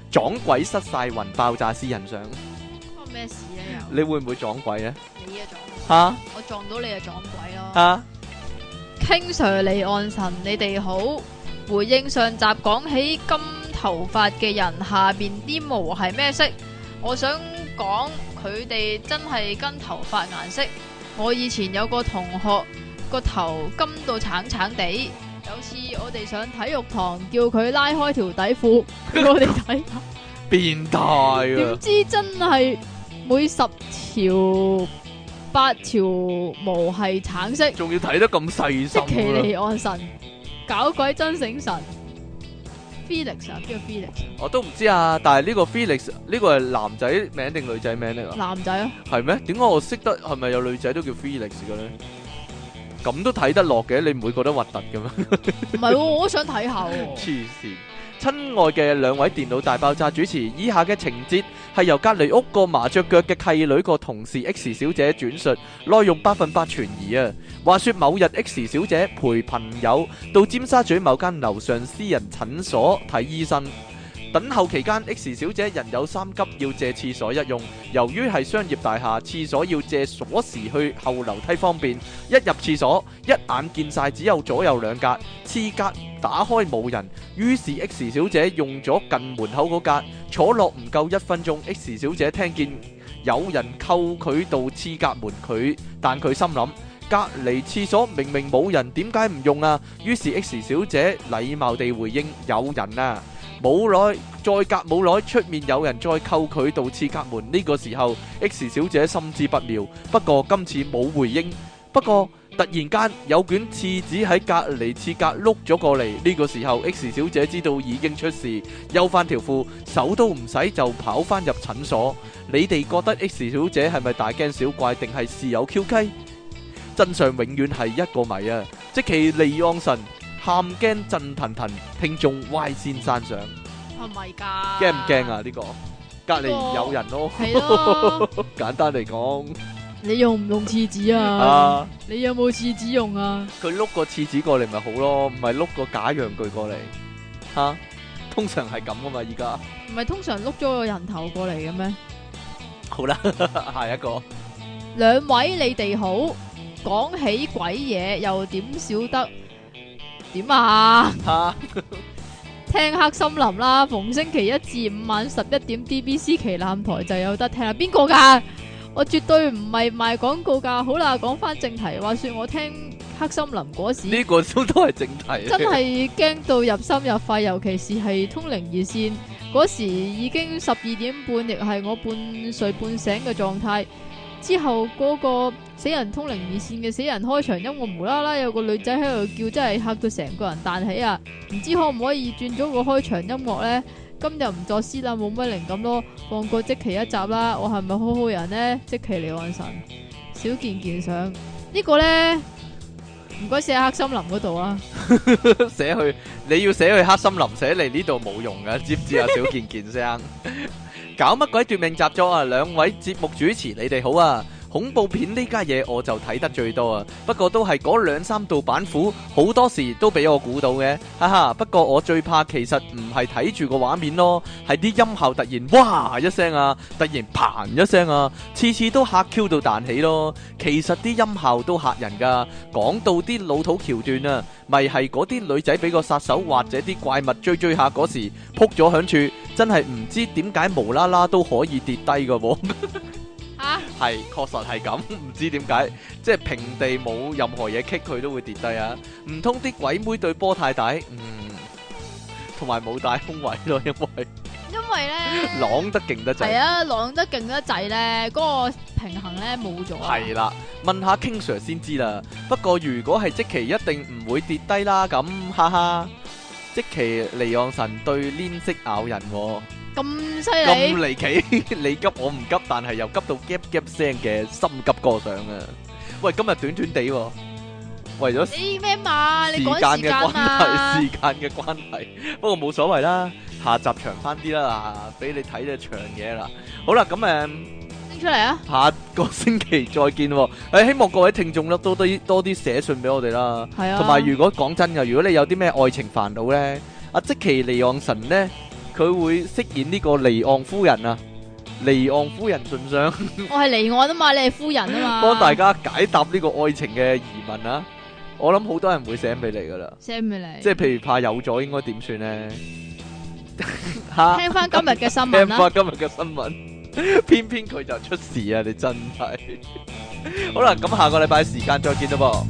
撞鬼失晒魂，爆炸私人相。關咩事啊？你會唔會撞鬼，呢撞鬼啊？你啊撞。吓？我撞到你啊，撞鬼咯。吓、啊？King Sir 離岸神，你哋好回應上集講起金頭髮嘅人，下邊啲毛係咩色？我想講佢哋真係跟頭髮顏色。我以前有個同學。個頭金到橙橙地，有次我哋上體育堂叫佢拉開條底褲，我哋睇睇變態啊！點知真係每十條八條毛係橙色，仲要睇得咁細心。息氣嚟安神，搞鬼真醒神。Felix 啊，叫 Felix？我都唔知啊，但係呢個 Felix 呢個係男仔名定女仔名嚟㗎？男仔啊，係咩？點解我識得係咪有女仔都叫 Felix 嘅咧？咁都睇得落嘅，你唔會覺得核突嘅咩？唔 係、啊，我想睇下、啊。黐線！ 親愛嘅兩位電腦大爆炸主持，以下嘅情節係由隔籬屋個麻雀腳嘅契女個同事 X 小姐轉述，內容百分百存疑啊！話說某日，X 小姐陪朋友到尖沙咀某間樓上私人診所睇醫生。等候期間，X 小姐人有三急，要借廁所一用。由於係商業大廈，廁所要借鎖匙去後樓梯方便。一入廁所，一眼見晒只有左右兩格廁格，打開冇人。於是 X 小姐用咗近門口嗰格，坐落唔夠一分鐘。X 小姐聽見有人扣佢到廁格門，佢但佢心諗隔離廁所明明冇人，點解唔用啊？於是 X 小姐禮貌地回應有人啊。冇耐再隔冇耐，出面有人再扣佢度廁格門。呢、這個時候，X 小姐心知不妙，不過今次冇回應。不過突然間有卷廁紙喺隔籬廁格碌咗過嚟。呢、這個時候，X 小姐知道已經出事，休翻條褲，手都唔使就跑翻入診所。你哋覺得 X 小姐係咪大驚小怪，定係事有蹊蹺？真相永遠係一個謎啊！積淇離岸神。喊驚震騰騰，聽眾歪先山上，係咪噶驚唔驚啊？呢個隔籬有人咯，簡單嚟講，你用唔用廁紙啊？你有冇廁紙用啊？佢碌個廁紙過嚟咪好咯，唔係碌個假陽具過嚟吓。通常係咁噶嘛，而家唔係通常碌咗個人頭過嚟嘅咩？好啦，下一個，兩位你哋好，講起鬼嘢又點少得？點啊！ 聽黑森林啦，逢星期一至五晚十一點，DBC 旗艦台就有得聽啊。邊個噶？我絕對唔係賣廣告噶。好啦，講翻正題。話說我聽黑森林嗰時，呢個都都係正題。真係驚到入心入肺，尤其是係通靈熱線嗰時，已經十二點半，亦係我半睡半醒嘅狀態。之後嗰個，個死人通靈二線嘅死人開場音樂無啦啦有個女仔喺度叫，真係嚇到成個人彈起啊！唔知可唔可以轉咗個開場音樂呢？今日唔作詩啦，冇乜靈感咯，放過積淇一集啦！我係咪好好人呢？積淇離岸神小健健想呢、這個呢？唔該寫黑森林嗰度啊！寫 去你要寫去黑森林寫，寫嚟呢度冇用噶，知唔知啊？小健健聲。 搞乜鬼奪命習作啊！兩位節目主持，你哋好啊！恐怖片呢家嘢，我就睇得最多啊，不過都係嗰兩三度板斧，好多時都俾我估到嘅，哈哈。不過我最怕其實唔係睇住個畫面咯，係啲音效突然哇一聲啊，突然嘭一聲啊，次次都嚇 Q 到彈起咯。其實啲音效都嚇人噶。講到啲老土橋段啊，咪係嗰啲女仔俾個殺手或者啲怪物追追下嗰時，撲咗響處，真係唔知點解無啦啦都可以跌低噶喎。 係，確、啊、實係咁，唔知點解，即係平地冇任何嘢棘，佢都會跌低啊！唔通啲鬼妹對波太大，嗯，同埋冇帶空位咯，因為 因為咧，朗得勁得滯係啊，朗得勁得滯咧，嗰個平衡咧冇咗啊！係啦，問下 King Sir 先知啦。不過如果係積淇一定唔會跌低啦，咁哈哈，積淇離岸神對黏色咬人、哦。咁犀利，咁離奇！你急我唔急，但係又急到夾夾聲嘅心急過上啊！喂，今日短短地，為咗你咩碼？時間嘅關係，時間嘅關係。不過冇所謂啦，下集長翻啲啦，俾你睇嘅長嘢啦。好啦，咁誒，拎出嚟啊！下個星期再見，誒，希望各位聽眾咧多啲多啲寫信俾我哋啦。係啊。同埋，如果講真嘅，如果你有啲咩愛情煩惱咧，阿積淇離岸神咧。佢會飾演呢個離岸夫人啊，離岸夫人信箱，我係離岸啊嘛，你係夫人啊嘛，幫大家解答呢個愛情嘅疑問啊！我諗好多人會寫俾你噶啦，寫俾你，即係譬如怕有咗應該點算呢？吓，聽翻今日嘅新聞啦，聽翻今日嘅新聞，偏偏佢就出事啊！你真係，好啦，咁下個禮拜時間再見啦噃。